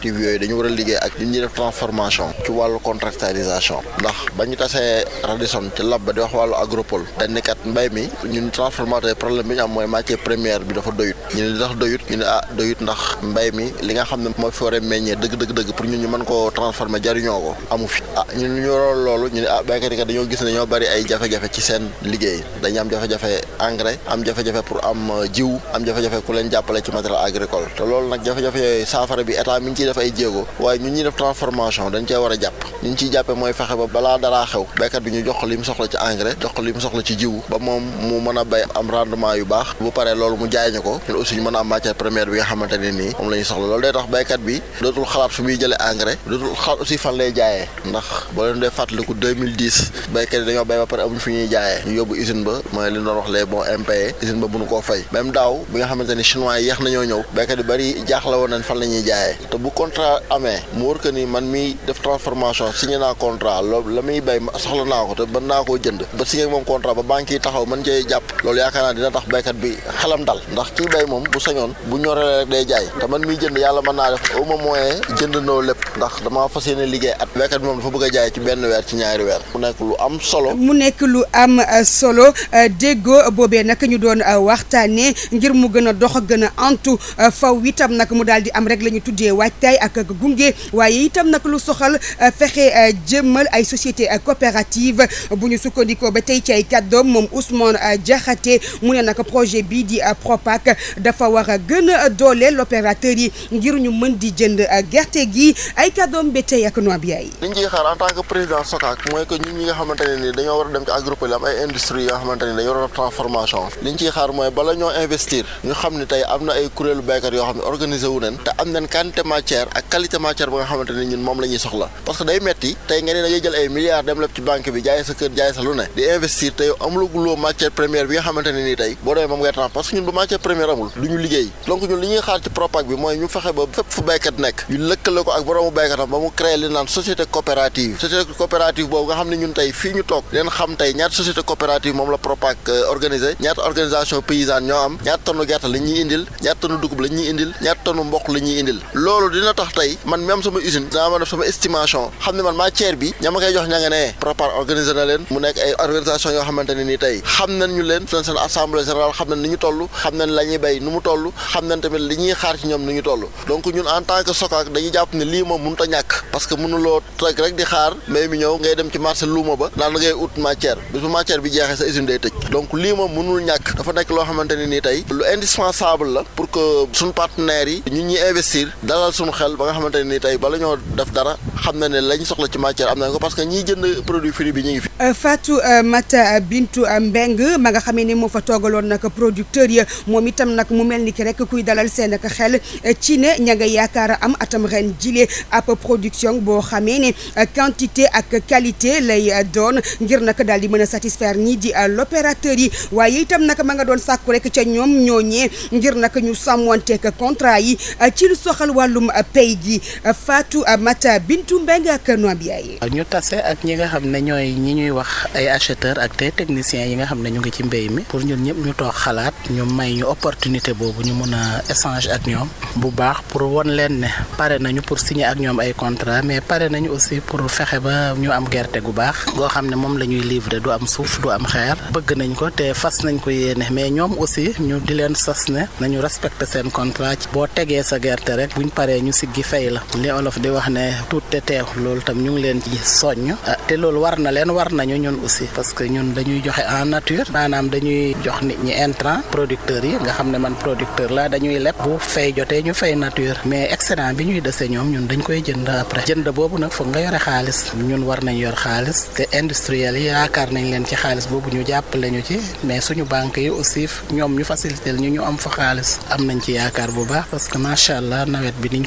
coopérative yooyu dañu war a liggéey ak ñi ñuy def transformation ci wàllu contractualisation ndax ba ñu tasee Radisson ci lab ba di wax wàllu agropole dañ ne kat mbay mi ñun transformateur problème bi ñu am mooy matière bi dafa doyut ñu ne ndax doyut ñu ne ah mi li nga xam ne moo fi meññee dëgg dëgg dëgg pour ñun ñu mën koo transformer jariñoo ko amu fi ah ñun ñu waroon loolu ñu ne ah béykat yi kat dañoo gis ne ñoo bari ay jafe-jafe ci seen liggéey dañu am jafe-jafe engrais am jafe-jafe pour am euh, jiw am jafe-jafe ku leen jàppale ci matériel agricole te loolu nag jafe-jafe yooyu ngi ciy jéego waaye ñun ñuy def transformation dañ cee war a jàpp ñu ñu jox li mu soxla ci engrais jox li mu soxla ci jiwu ba moom mu mën a béy am rendement yu baax bu paree loolu mu jaay ñu ko aussi ñu mën a matière première bi nga xamante nii moom la soxla loolu day tax béykat bi dootul xalaat fu muy jëlee engrais dootul xalaat aussi fan lay jaayee ndax boo leen dee fàttaliku 2010 béykat yi dañoo béy ba pare amuñ fu ñuy jaayee ñu yóbbu usine ba mooy bu contrat amee mu wër que ni man miy def transformation signé naa contrat loolu la muy béy soxla naa ko te mën naa koo jënd ba signé moom contrat ba banque yi taxaw mën cee jàpp loolu yaakaar naa dina tax béykat bi xelam dal ndax kii béy moom bu sañoon bu ñoree rek day jaay te man miy jënd yàlla mën naa def au moins moyen jënd noo lépp ndax damaa fas yéene liggéey at béykat bi moom dafa bëgg a jaay ci benn weer ci ñaari weer mu nekk lu am solo mu nekk lu am euh, solo euh, déggoo boobee nag ñu doon euh, mu gën a dox a antu faw itam nag mu daal la ñu tuddee waajtaay ak gunge waaye tam nag lu soxal euh, fexe euh, jëmmal ay société euh, coopérative bu ñu sukkandikoo ba tey ci ay kàddoom moom Ousmane Diakhaté mu ne nag projet bii di PROPAC dafa war a gën a dooleel opérateur yi ngir ñu mën di jënd gerte gi ay kàddoom ba tey ak noa bi yaay. li ñuy xaar en tant que président SOCAC mooy que ñun ñi nga xamante ne ni dañoo war a dem ci agropole am ay industrie yoo xamante ne dañoo war a transformation li ñu mooy bala investir ñu xam ne tey am na ay kuréelu béykat yoo xam ne organisé wu nañ te am nañ matière ak qualité matière ba nga xamante ñun moom la soxla parce que day metti tey nga ne dañuy jël ay milliards dem lépp ci banque bi jaay sa kër jaay sa lu ne di investir te yow amulaguloo matière première bi nga xamante ne tey boo demee moom ngay tax parce que ñun bu matière première amul du ñu liggéey donc ñun li ñuy ci PROPAC bi mooy ñu fexe ba fépp fu béykat nekk ñu lëkkale ko ak boroomu béykatam ba mu créé li naan société coopérative dina tax tey man mi am sama usine dinaa ma def sama estimation xam ne man matière bi ma koy jox ña nga ne prépare organiser na leen mu nekk ay organisation yoo xamante ne nii xam nañ ñu leen seen seen xam nañ ni ñu toll xam nañ la ñuy béy nu mu toll xam nañ tamit li ñuy xaar ci ñoom ni ñu toll donc ñun en tant que SOCAC dañuy jàpp ne lii moom mënut a ñàkk parce que mënuloo toog rek di xaar mbéy mi ñëw ngay dem ci marché luuma ba naan ngay ut matière bis bu bi jeexee sa usine day tëj donc lii moom mënul ñàkk dafa nekk loo xamante ne nii tey lu indispensable la pour que suñu partenaires yi ñu ñuy investir dalal suñu xel ba nga xamante ne ni tey bala ñoo def dara xam na ne lañ soxla ci matière am nañ ko parce que ñiy jënd produit fri bi ñu ngi fi. Euh, Fatou euh, Mata Bintu euh, Mbeng ma nga xamee ne moo fa toogaloon nag producteurs yi moom itam nag mu mel ni ki rek kuy dalal seen ak xel ci ne ña yaakaar am atam ren jile ab production boo xamee ne quantité ak qualité lay doon ngir nag daal di mën a satisfaire ñii di l'opérateur yi waaye itam nag ma nga doon sàkku rek ca ñoom ñooñee tey ji Fatou Mata Bintou Mbengue ak Noabiaye ñu tase ak ñi nga xam ne ñooy ñi ñuy wax ay acheteurs ak tey techniciens yi nga xam ne ñu ngi ci mbéy mi pour ñun ñëpp ñu toog xalaat ñu may ñu opportunité boobu ñu mun a échange ak ñoom bu baax pour won leen ne pare nañu pour signer ak ñoom ay contrat mais pare nañu aussi pour fexe ba ñu am gerte gu baax goo xam ne moom la ñuy livrer du am suuf du am xeer bëgg nañ ko te fas nañ ko yéene mais ñoom aussi ñu di leen sas ne nañu respecter seen contrat boo tegee sa gerte rek buñ paree ñu siggi fay la li olof di wax ne tuutte teew loolu tam ñu ngi leen ci soññ ah, te loolu war leen war ñun aussi parce que ñun dañuy joxe en nature maanaam dañuy jox nit ñi intrant producteurs yi nga xam ne man producteur la dañuy leb bu fay jotee ñu fay nature mais excédent bi ñuy dese ñoom ñun dañ koy jënd après jënd boobu nag foog nga yore xaalis ñun war nañ yor xaalis te industriel yi yaakaar nañ leen ci xaalis boobu ñu jàppale ñu ci mais suñu banque yi aussi ñoom ñu facilité ñu ñu am fa xaalis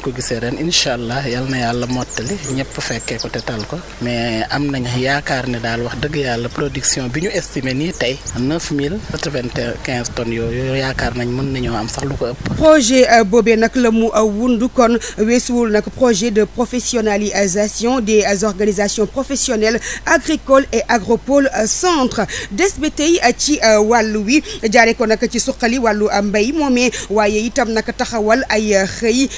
buñ ko gisee ren incha allah yal na yàlla mottali ñëpp fekkee ko te tal ko mais am nañ yaakaar ne daal wax dëgg yàlla production bi ñu estimé nii tey neuf mille quatre-vingt-quinze tonnes yooyu yaakaar nañ mën nañoo am sax lu ko ëpp. projet euh, boobee nag la mu euh, wundu kon weesuwul nag projet de professionnalisation des euh, organisations professionnelles agricoles et agropole centre des ba tey ci wàllu wi jaaree ko nag ci suqali wàllu mbay moomee waaye itam nag taxawal ay xëy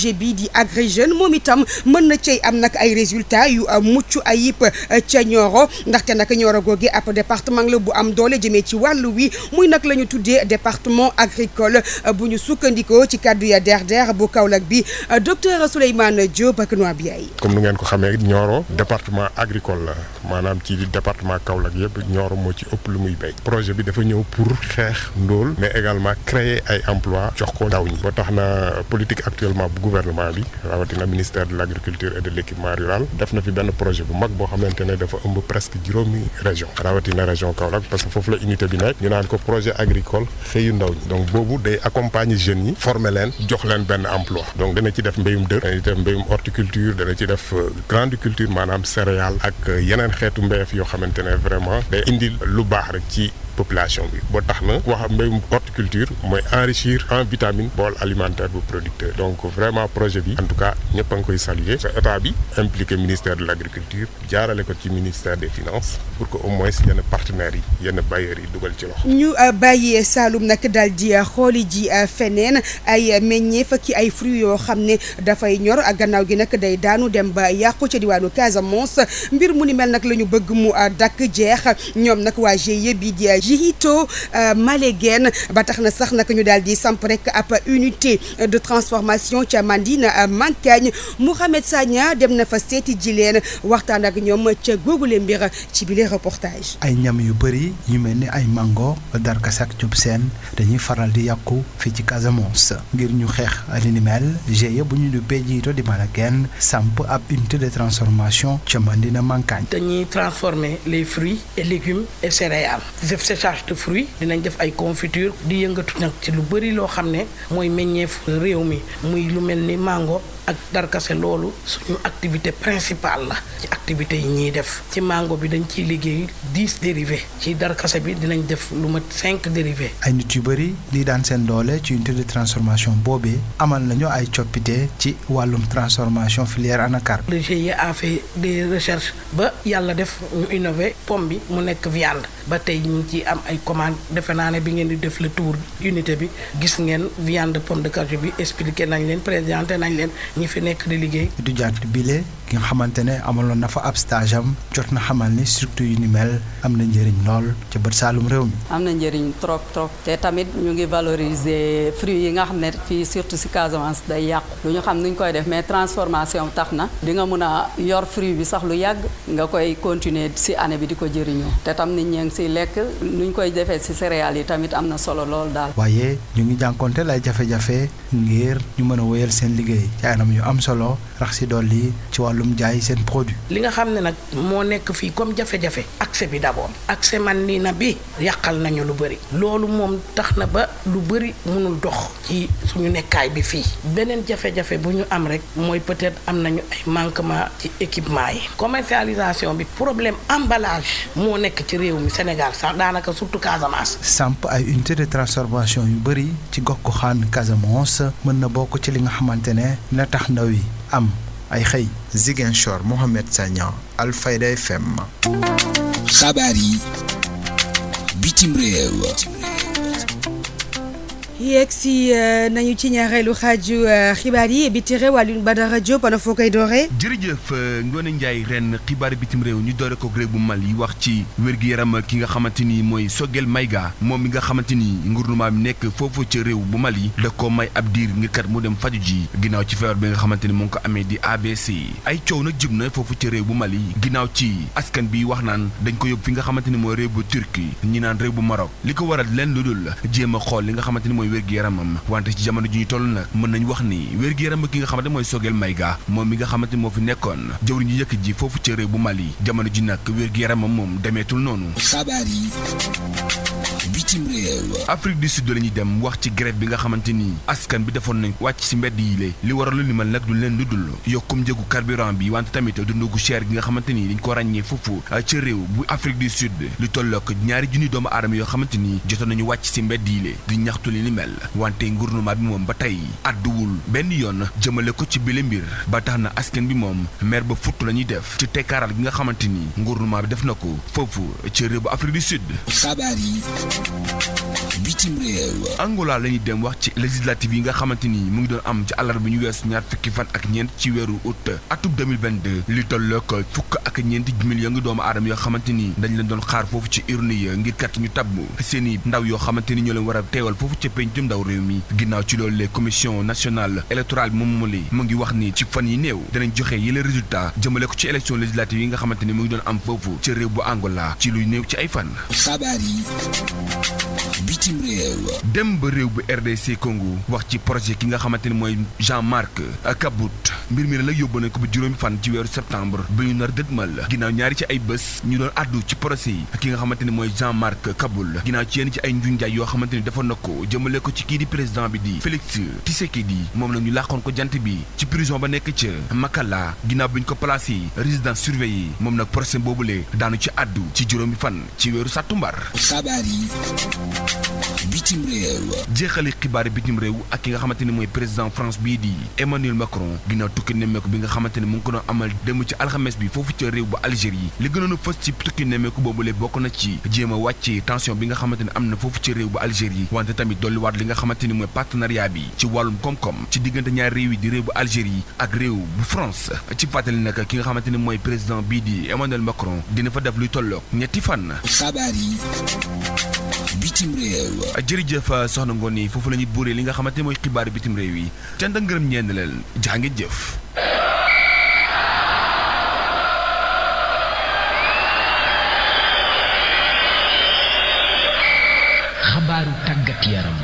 projet bii di Agri Jeunes moom itam mën na cay am nag ay résultats yu euh, mucc ayib euh, ca Nioro ndaxte nag Nioro googu ab département la bu am doole jëmee ci wàllu wi muy nag la ñu tuddee département agricole euh, bu ñu sukkandikoo ci kàddu ya DRDR bu Kaolack bi docteur Souleymane Diop ak Noa Biaye. comme nu ngeen ko xamee Nioro département agricole la maanaam ci département Kaolack yëpp Nioro moo ci ëpp lu muy béy projet bi dafa ñëw pour xeex ndóol mais également créer ay emploi jox ko ndaw ñi ba tax na politique actuellement bu gouvernement bi rawatina ministère de l' agriculture et de l' équipement rural def na fi benn projet bu mag boo xamante ne dafa ëmb presque juróomi région rawatina région Kaolack parce que foofu la unité bi nekk ñu naan ko projet agricole xëyu ndaw ñi donc boobu day accompagner jeunes yi former leen jox leen benn emploi donc dana ci def mbéyum dër dana ci def mbéyum horticulture dana ci def euh, grande culture maanaam céréales ak euh, yeneen xeetu mbéyef yoo xamante ne vraiment day indi lu baax rek ci population bi ba tax na wax mbéyum horticulture mooy enrichir en vitamine bool alimentaire bu producteur donc vraiment projet bi en tout cas ñëpp a ngi koy saluer sa état bi impliqué ministère de l' jaarale ko ci ministère des finances pour que au moins yenn partenaires yi yenn bailleurs yi dugal ci loxo. ñu euh, bàyyi Saloum nag daal di euh, xooli ji euh, feneen ay meññeef ay fruits yoo xam ne dafay ñor gannaaw gi nag daanu dem ba yàqu ca diwaanu Casamance mu ni mel nag la ñu bëgg mu jiito euh, Maléguen ba tax na sax naka ñu daal di samp rek ab unité de transformation ca Mandine euh, Mankagne Mouhamed Sagna dem na fa seeti ji leen waxtaan ak ñoom ca googule mbir ci bile reportage. ay ñam yu bëri yu mel ni ay mango darkasak jub seen dañuy faral di yàqu fii ci Casamance ngir ñu xeex li ni mel bu ñu duppee jiito di Maléguen samp ab unité de transformation ca Mandine Mankagne. dañuy transformer les fruits et légumes et céréales. séchage de fruits dinañ def ay confiture di yëngatu nag ci lu bëri loo xam ne mooy meññeefu réew mi muy lu mel ni mango ak darkase loolu suñu activité principale la ci activité yi ñuy def ci mango bi dañ ciy liggéey dix dérivés ci darkase bi dinañ def lu mat cinq dérivés ay nit yu bëri lii daan seen doole ci unité de transformation boobee amal nañu ay coppite ci wàllum transformation filière anacarde le GIE a fait ba yàlla def ñu innové pomme bi mu nekk viande ba tey ñu ci am ay commande defe naa ne bi ngeen di def le tour unité bi gis ngeen viande pomme de cajou bi expliqué nañ leen présenté nañ leen ñi fi nekk di liggéey. du jàtt bile. ki nga xamante ne amaloon na fa ab stage am jot na xamal ni structure yu ni mel am na njëriñ lool ca bët saalum réew mi. am na njëriñ trop trop te tamit ñu ngi valoriser fruits yi nga xam ne fii surtout si Casamance day yàqu lu ñu xam nuñ koy def mais transformation tax na di nga mun a yor fruit bi sax lu yàgg nga koy continuer si année bi di ko jëriñoo te tam nit ñee ngi si lekk nuñ koy defee si céréales yi tamit am na solo lool daal. waaye ñu ngi jànkoonte lay jafe-jafe ngir ñu mën a wéyal seen liggéey wàllum jaay seen produit. li nga xam ne nag moo nekk fii comme jafe-jafe accès bi d'abord accès man ni na bi yàqal nañu lu bëri loolu moom tax na ba lu bëri mënul dox ci suñu nekkaay bi fii beneen jafe-jafe bu ñu am rek mooy peut-être am nañu ay manquement ci équipement yi commercialisation bi problème emballage moo nekk ci réew mi Sénégal sax daanaka surtout Casamance. samp ay unité de transformation yu bëri ci gox goxaan Casamance mën na bokk ci li nga xamante ne na tax ndaw yi ay xëy Ziguinchor Mohamed Sagnan Alfayda FM. xabaar yi bitim réew. yéeg si euh, nañu ci ñaareelu xaaju euh, xibaar yi waa réew ba Badara Diop a foo koy dooree. jërëjëf euh, Ngoone Ndiaye ren xibaar bitim réew ñu doore ko réew bu Mali wax ci wér-gu-yaram ki nga xamante ni mooy may Maïga moom mi nga xamante ni ngurnement nekk foofu ca réew bu mal yi da ko may ab diir ngir kat mu dem faju ji ginnaaw ci feebar bi nga xamante ni mu ngi ko amee di ABC ay coow nag jib na foofu ca réew bu Mali ginnaaw ci askan bi wax naan dañ ko yóbbu fi nga xamante ni mooy réew bu Turquie ñi naan réew bu Maroc li ko waral leen lu dul jéem a xool li nga xamante ni mooy wér-gu-yaramam wante ci jamono ji ñu toll nag mën nañ wax ni wér-gu-yaram ki nga xamante mooy Sogel Maïga moom mi nga xamante moo fi nekkoon jëwriñ ji njëkk ji foofu ca réew bu Mali jamono ji nag wér-gu-yaramam moom demeetul noonu bitim réew Afrique du Sud la dem wax ci grève bi nga xamante ni askan bi defoon nañ wàcc si mbedd yi lée li waral lu ni mel nag du leen lu dul yokkum njëgu carburant bi wante tamit dundu gu cher gi nga xamante ni dañ ko ràññee foofu ah, ci réew bu Afrique du Sud lu tollook ñaari junni doomu aadama yoo xamante ni jotoon nañu wàcc si mbedd yi lée di ñaxtu li ni mel wante gouvernement bi moom ba tey àdduwul benn yoon jëmale ko ci bile mbir ba tax na askan bi moom mer ba futt la ñuy def ci tekkaaral gi nga xamante ni gouvernement bi def na ko foofu ci bu Afrique du bitim réew Angola la ñuy dem wax ci législative yi nga xamante ni mu ngi doon am ci àllarba bu ñu wees ñaar fukki fan ak ñeent ci weeru août atub 2022 li tollook fukk ak ñeenti million ngi doomu aadama yoo xamante ni dañ leen doon xaar foofu ci urne yi ngir kat ñu tabb seen i ndaw yoo xamante ni ñoo leen war a teewal foofu ca pencum ndaw réew mi ginnaaw ci loolu la commission nationale électorale bi moom li mu ngi wax ni ci fan yi néew danañ joxe yële résultat jëmale ko ci élection législative yi nga xamante ni mu ngi doon am foofu ci bu Angola ci néew ci ay fan Thank you. bitim réew ba réew bu RDC Congo wax ci projet ki nga xamante ni mooy Jean-Marc Kabut mbir mi nag yóbbu nañ ko ba juróomi fan ci weeru septembre ba ñu nar dëgmal ginnaaw ñaari ci ay bés ñu doon àddu ci projet yi ki nga xamante ni mooy Jean-Marc Kabul ginnaaw ci yenn ci ay njunjaay yoo xamante ni defoon na ko jëmale ko ci kii di président bi di Félix Tshisekedi moom la ñu làqoon ko jant bi ci prison ba nekk ca Makala ginnaaw bi ñu ko placé résidence surveillée moom nag projet boobule daanu ci àddu ci juróomi fan ci weeru sàttumbar bitim réew jeexali xibaari bitim réew ak ki nga xamante ni mooy président France bii di Emmanuel Macron ginnaaw tukki nemmeeku bi nga xamante ni mu ko doon amal dem ci alxames bi foofu ca réew bu Algérie li gënoon a fës ci tukki nemmeeku boobule bokk na ci jéem a wàccee tension bi nga xamante ni am na foofu ca réew bu Algérie wante tamit dolliwaat li nga xamante ni mooy partenariat bi ci wàllum koom-koom ci diggante ñaari réew yi di réew bu Algérie ak réew bu France ci fàttali nag ki nga xamante ni mooy président bii di Emmanuel Macron dina fa def luy tolloog ñetti fan. Eh, jërëjëf eh, soxna ngoon yi foofu la buure buuree li nga xamante ne mooy xibaar bitim réew yi cant ak ngërëm ñeen leen jaa ngi jëf xabaaru tàggat yaram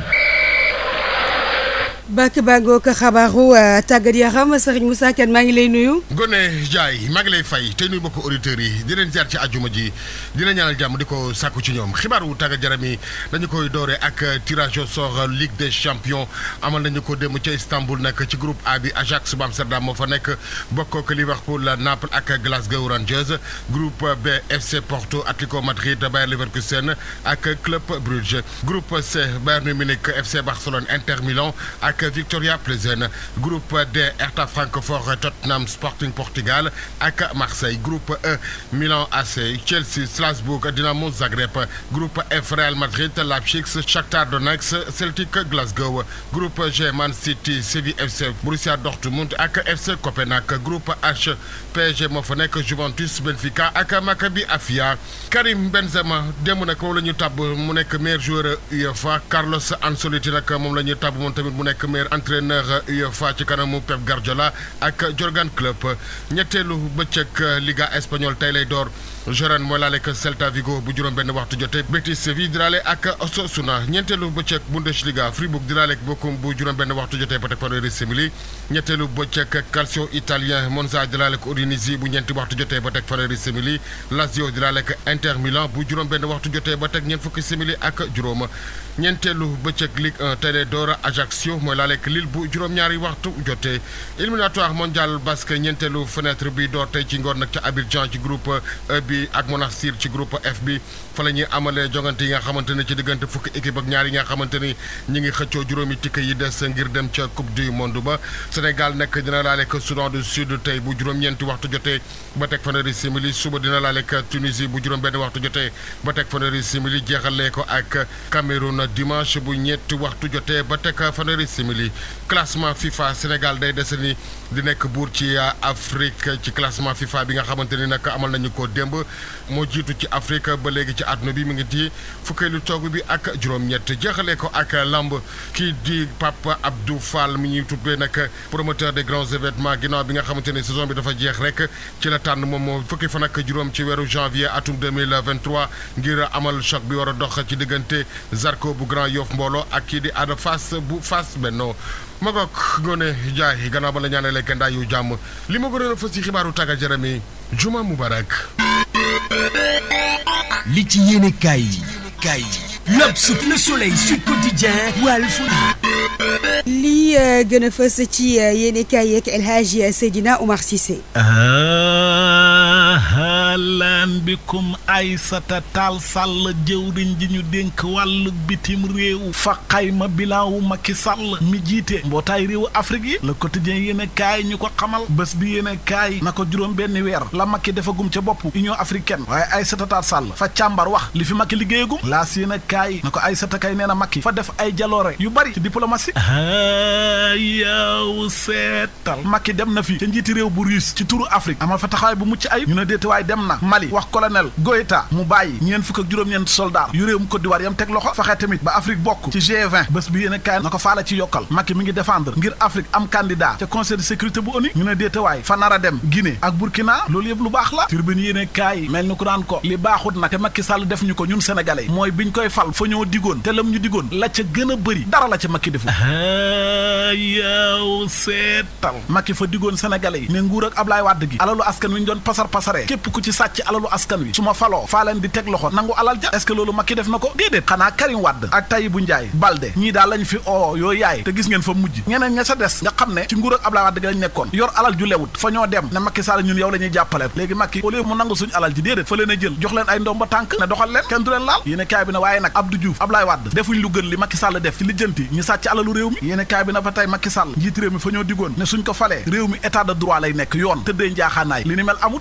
bàkk bàngook xabaaru euh, tàggat yaram Serigne Moussa Kane maa ngi lay nuyu. Ngoné Ndiaye maa ngi lay fay tey nuyu mbokku auditeurs yi di leen ziar ci àjjuma ji di leen ñaanal jàmm di ko sàkku ci ñoom xibaaru tàggat yaram yi dañu koy doore ak tirage au sort Ligue des champions amal nañu ko dem ca Istanbul nag ci groupe A bi Ajax bu Amsterdam moo fa nekk bokk ak Liverpool Naples ak Glasgow Rangers groupe B FC Porto Atlético Madrid Bayer Leverkusen ak Club Brugge groupe C Bayern Munich FC Barcelone Inter Milan ak. Victoria Plzen groupe D Hertha Francfort Tottenham Sporting Portugal ak Marseille groupe E Milan AC Chelsea Strasbourg Dinamo Zagreb groupe F Real Madrid Leipzig Shakhtar Donetsk Celtic Glasgow groupe G Man City Séville FC Borussia Dortmund ak FC Copenhague groupe H PSG moo fa Juventus Benfica ak Maccabi Haifa Karim Benzema démb nag moom la ñu tàbb mu nekk meilleur joueur UEFA Carlos Ancelotti nag moom la ñu meilleur entraîneur UEFA euh, ci kanamu Pep Guardiola ak Jurgen Klopp ñetteelu bëccëg euh, Liga espagnol tey lay door Girona mooy laale ak Celta Vigo bu juróom-benn waxtu jotee Betis Séville di laale ak Osasuna ñeenteelu bëccëg Bundesliga Fribourg di laale ak bu juróom-benn waxtu jotee ba teg fanweeri simili ñetteelu bëccëg Calcio italien Monza di laale ak Udinese bu ñeenti waxtu jotee ba teg fanweeri simili Lazio di laale ak Inter Milan bu juróom-benn waxtu jotee ba teg ñeent fukki simili ak juróom ñeenteelu bëccëg laaleek Lille bu juróom-ñaari waxtu jotee éliminatoire mondial basket ñeenteelu fenêtre bi door tey ci ngoon nag ca Abidjan ci groupe E bi ak Monastir ci groupe F bi fa amalee jongante yi nga xamante ne ci diggante fukki équipe ak ñaar yi nga xamante ni ñu ngi xëccoo juróomi tikk yi des ngir dem ca coupe du monde ba Sénégal nekk dina laaleek Soudan du Sud tey bu juróom-ñeenti waxtu jotee ba teg fanweeri simili suba dina laaleek Tunisie bu juróom-benn wax jotee ba teg fanweeri simili jeexalee ko ak Cameroun dimanche bu ñetti waxtu jotee li classement FIFA Sénégal day dese di nekk buur ci Afrique ci classement FIFA bi nga xamante ni nag amal nañu ko démb moo jiitu ci Afrique ba léegi ci àdduna bi mi ngi ci lu toog bi ak juróom-ñett jeexalee ko ak lamb kii di Pape Abdou Fall mi ñuy tuddee nag promoteur des grands événements ginnaaw bi nga xamante ni saison bi dafa jeex rek ci la tànn moom moo fukki fa ak juróom ci weeru janvier atum 2023 ngir amal choc bi war a dox ci diggante Zarko bu Grand mbooloo ak kii di Ada Fass bu Fass Benno Magog Ngoné Ndiaye gannaaw ba la ñaanalee kenn daay yu li ma gënoon a fës ci xibaaru tàggat yaram yi juma mubarak li ci yéene kaay yi kaay yi L'Obs, Le Soleil, Sud lii euh, gën a fës ci euh, yéene kaay yeeg El Hadji euh, Seydina Oumar Cissé. Ah. ahlan bikum Aysata Taal Sàll jëwriñ ji ñu dénk wàllu bitim réew fa xayma bilaawu Macky sàll mi jiite mbootaay réew Afrique yi Le Quotidien yéen a kaay ñu ko xamal bés bi yéen a kaay na ko juróom benn weer la Macky defagum ca bopp Union kenn waaye ay Taal Sàll fa càmbar wax li fi Macky liggéeyagum laas yéen a kaay na ko Aysata kay nee na Macky fa def ay jaloore yu bari ci diplomatie yow seetal Macky dem na fi ca njiiti réew bu ruus ci am na Mali wax colonel Goïta mu bàyyi ñeent fukk ak juróom-ñeent soldat yu réewum Côte d'Ivoire yam teg loxo fexe tamit ba Afrique bokk ci G20 bés bi yéen kaay na ko faala ci yokkal Macky mi ngi défendre ngir Afrique am candidat ca conseil de sécurité bu ONU ñu ne déetawaay fa nar a dem Guinée ak Burkina loolu yëpp lu baax la turbine yéen kaay mel ni ku naan ko li baaxut nag te Macky Sall def ñu ko ñun sénégalais mooy biñ koy fal fa ñoo digoon te lam la ca gën a bëri dara la ca Macky defu yow seetal Macky fa digoon sénégalais yi ne nguur ak Ablaye Wade gi alalu askan wi ñu doon pasar sàcc alalu askan wi su ma faloo faa leen di teg loxo nangu alal ja est ce que loolu def na ko déedéet xanaa Karim Wade ak Tahibou Ndiaye Balde ñii daal lañ fi oo yooyu yaay te gis ngeen fa mujj ñeneen ña sa des nga xam ne ci nguur ak Abdoulaye Wade gi nekkoon yor alal ju lewut fa ñoo dem ne Macky Sall ñun yow la ñuy jàppale léegi Macky au lieu mu nangu suñu alal ji déedéet fa leen jël jox leen ay ndomba tànk ne doxal leen kenn du leen laal yéene bi ne waaye nag Abdou Diouf Abdoulaye Wade defuñ lu gën li Macky Sall def ci lijjanti ñu sàcc alalu réew mi yéene kaay na fa tey Macky Sall njiit réew mi fa ñoo digoon ne suñ ko yoon tëddee njaaxaanaay li ni mel amul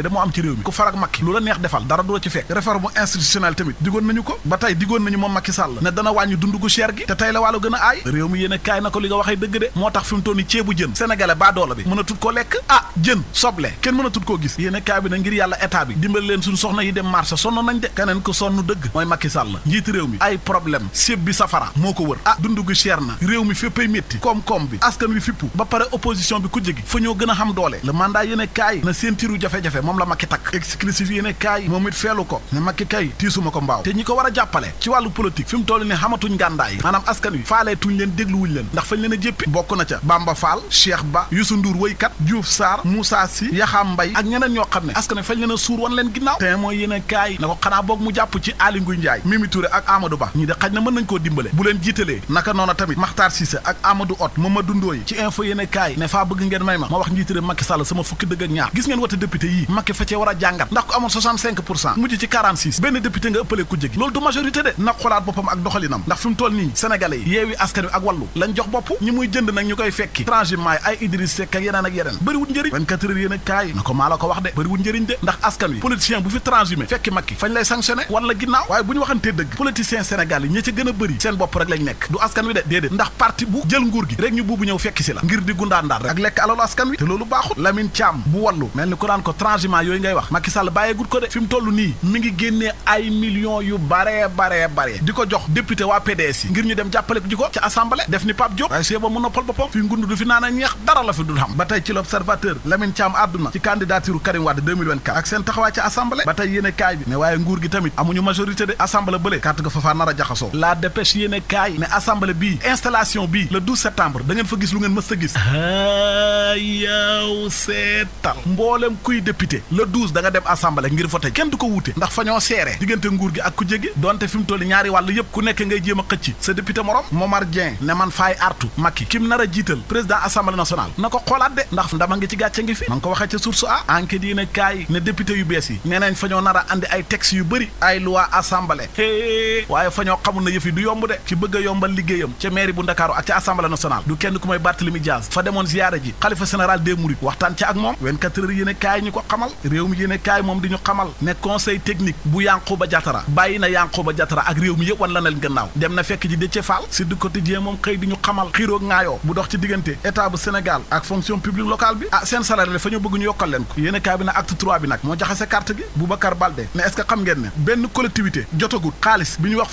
yi damoo am ci réew mi ku farak Macky lu la neex defal dara du la ci fekk réforme institutionnelle tamit digoon nañu ko ba tey digoon nañu moom Macky Sall ne dana wàññi dund gu gi te tey la aay réew mi yéen a kaay na ko li waxee dëgg de moo tax fi mu toll ceebu jën sénégalais baa doola bi mën a tut lekk ah jën soble kenn mën a tut koo gis yéen bi na ngir yàlla état bi dimbali leen suñu soxna yi dem marché sonn nañ de keneen ko sonn dëgg mooy Macky Sall njiiti moo ko wër ah dund gu cher na réew mi féppay koom-koom bi askan wi fippu ba pare opposition bi ku jëgi fa ñoo a xam doole le mandat a kaay na seen moom la Macky takk exclusif yéene kaay moom it feelu ko ne Macky kay tiisuma ko mbaaw te ñi ko war a jàppale ci wàllu politique fi mu toll ne xamatuñ gàndaay maanaam askan wi faaleetuñ leen dégluwuñ leen ndax fañ leen jéppi bokk na ca Bamba Fall Cheikh Ba Youssou Ndour waykat Diouf Sarr Moussa Sy Yaxam Mbaye ak ñeneen ñoo xam ne askan fañ leen a suur wan leen ginnaaw te mooy yéene kaay na ko xanaa boog mu jàpp ci Aly Ngouille Ndiaye Mimi ak Amadou Ba ñi de Macky fa cee war a jàngat ndax ko amoon mujj ci benn député nga ëppale ku jëgi loolu du de na xolaat boppam ak doxalinam ndax fi mu nii sénégalais yi yeewi askan wi ak wàllu lañ jox bopp ñi muy jënd nag ñu koy fekki transhumant yi ay Idriss Seck ak yeneen ak yeneen bëriwul njëriñ 24 heures yéen a kaay na ko maa la ko wax de bëriwul njëriñ de ndax askan wi politicien bu fi transhumé fekki Macky fañ lay sanctionné wala ginnaaw waaye changement yooyu ngay wax Macky Sall bàyyeegut ko de fi mu toll nii mi ngi génnee ay millions yu baree baree baree di ko jox député waa PDS ngir ñu dem jàppale ji ko ci assemblée def ni Pape Diop waaye ba mun na pol boppam fi ngund du fi naan a ñeex dara la fi dul xam ba tey ci l'observateur Lamine Thiam àdduna ci candidature Karim Wade ak seen taxawaay ci assemblée ba tey yéene kaay ne waaye nguur gi tamit la dépêche yéene fa gis lu ngeen mës wuute le da nga dem assemblée ngir voté kenn du ko wuute ndax fa ñoo seere diggante nguur gi ak ku jéggi donte fi ñaari wàll yëpp ku nekk ngay jéem a xëcc sa député morom Momar Dieng ne man faay artu Macky kim nar a jiital président assemblée nationale na ko xoolaat de ndax ndama ngi ci gàcce ngi fi ma ko waxee ca source a enquête yi kaay ne député yu bees yi nee fa ñoo nar a ay texte yu bëri ay loi assemblée é waaye fa ñoo xamul na yëf a xamal réew mi yéene kaay moom di ñu xamal ne conseil technique bu Yankhoba Diattara bàyyi na Yankhoba Diattara ak réew mi yëpp wan la gannaaw dem na fekk ji Déthié Fall si du quotidien moom xëy di ñu xamal xiiroo ngaayoo bu dox ci diggante état bu Sénégal ak fonction publique locale bi ah seen salaire dafa ñu bëgg ñu yokkal leen ko yéene kaay bi na acte 3 bi nag moo jaxase carte gi Boubacar Baldé mais est xam ngeen ne benn collectivité jotagut xaalis bi ñu wax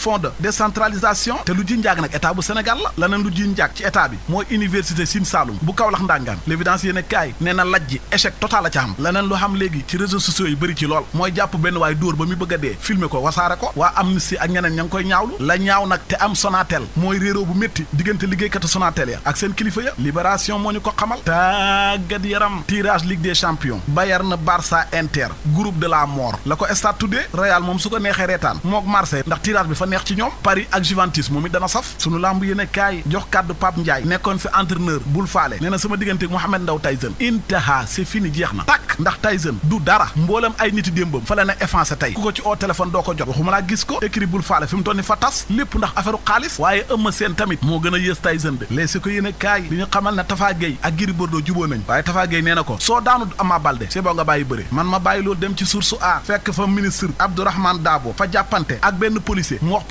léegi ci réseaux sociaux yi bëri ci lool mooy jàpp benn waay dóor ba mu bëgg a dee filmer ko wasaare ko waa Amnesty ak ñeneen ña ngi koy ñaawlu la ñaaw nag te am Sonatel mooy réeroo bu métti diggante liggéeykatu Sonatel ya ak seen kilifa ya Libération moo ñu ko xamal tàggat yaram tirage Ligue des champions Bayern Barça Inter groupe de la mort la ko stade tuddee Real moom su ko neexee reetaan mook Marseille ndax tirage bi fa neex ci ñoom Paris ak Juventus moom it dana saf sunu lamb yéene kaay jox kàddu Pape nekkoon fi entraîneur bul faale nee na sama diggante Mouhamed Ndaw Tyson intaha c'est fini jeex na entreprise du dara mboolam ay niti démbam fa na effacé tey ku ko ci oo téléphone doo ko jot waxuma gis ko écrit bul faale fi mu toll ni fa tas lépp ndax affaire xaalis waaye ëmma seen tamit moo gën a yées Tyson de léeg si ko yéen kaay li ñu xamal na Tafa ak Gris Bordeaux juboo nañ waaye Tafa nee na ko soo daanu Ama Baldé c'est nga bàyyi bëre man ma bàyyi loolu dem ci source a fekk fa ministre Abdourahmane Dabo fa jàppante ak benn policier mu wax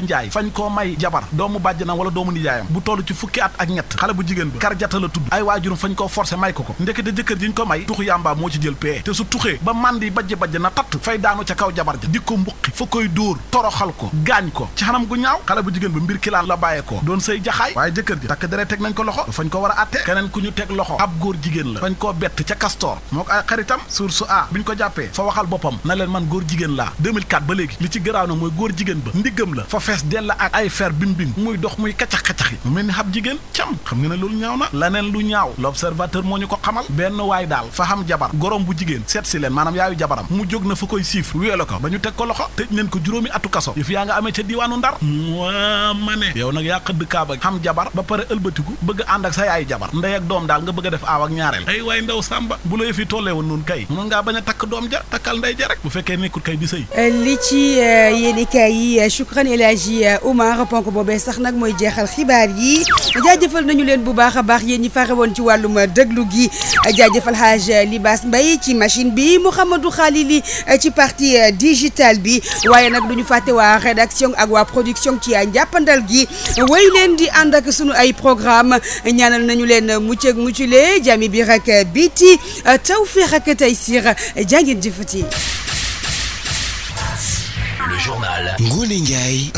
Faty Ndiaye fañ koo may jabar doomu na wala doomu nijaayam bu toll ci fukki at ak ñett xale bu jigéen bi kar jata la tudd ay waajurum fañ koo forcé may ko ko ndekete jëkkër ji ñu ko may tuxu yàmbaa moo ci jël pee te su tuxee ba màndi bajj-bajj na tatt fay daanu ca kaw jabar ja di ko mbuqi fa koy dóor toroxal ko gaañ ko ci xanam gu ñaaw xale bu jigéen bi mbir kilaan la bàyyee ko doon sëy jaxaay waaye jëkkër ji takk dere teg nañ ko loxo fañ ko war a atte keneen teg loxo góor jigéen la fañ koo bett ca kastoor moo ko ay xaritam source a bi ñu ko jàppee fa waxal boppam man góor jigéen laa 2004 ba li ci garaaw na mooy la fees dell ak ay fer bim bim muy dox muy kacax kacax yi mu mel ni xab jigéen cam xam nga ne loolu ñaaw na laneen lu ñaaw l'observateur moo ñu ko xamal benn waay daal fa xam jabar gorom bu jigéen seet si leen maanaam yaayu jabaram mu jóg na fa koy siif wéelo ko ba ñu teg ko loxo tëj nañ ko juróomi atu kaso yëf yaa nga amee ca diiwaanu ndar waa ma ne yow nag yaa xëdd kaaba xam jabar ba pare ëlbatiku bëgg ànd ak sa yaay jabar ndey ak doom daal nga bëgg a def aaw ak ñaareel ay waay ndaw sàmba bu la a takk doom ja takkal ndey ja rek bu fekkee nekkul kay di sëy Alaaji Oumar ponk boobee sax nag mooy jeexal xibaar yi jaajëfal nañu leen bu baax a baax yéen ñi fare woon ci wàllum déglu gi jaajëfal Haj Libaas Mbay ci machine bi Mouhamadou Khalili ci partie digitale bi waaye nag ñu fàtte waa rédaction ak waa production ci njàppandal gi way leen di ànd ak sunu ay programme ñaanal nañu leen mucc ak muccule jami bi rek biti tawfeex ak tey siir jaa ngeen jëfati le journal Ngoné Ndiaye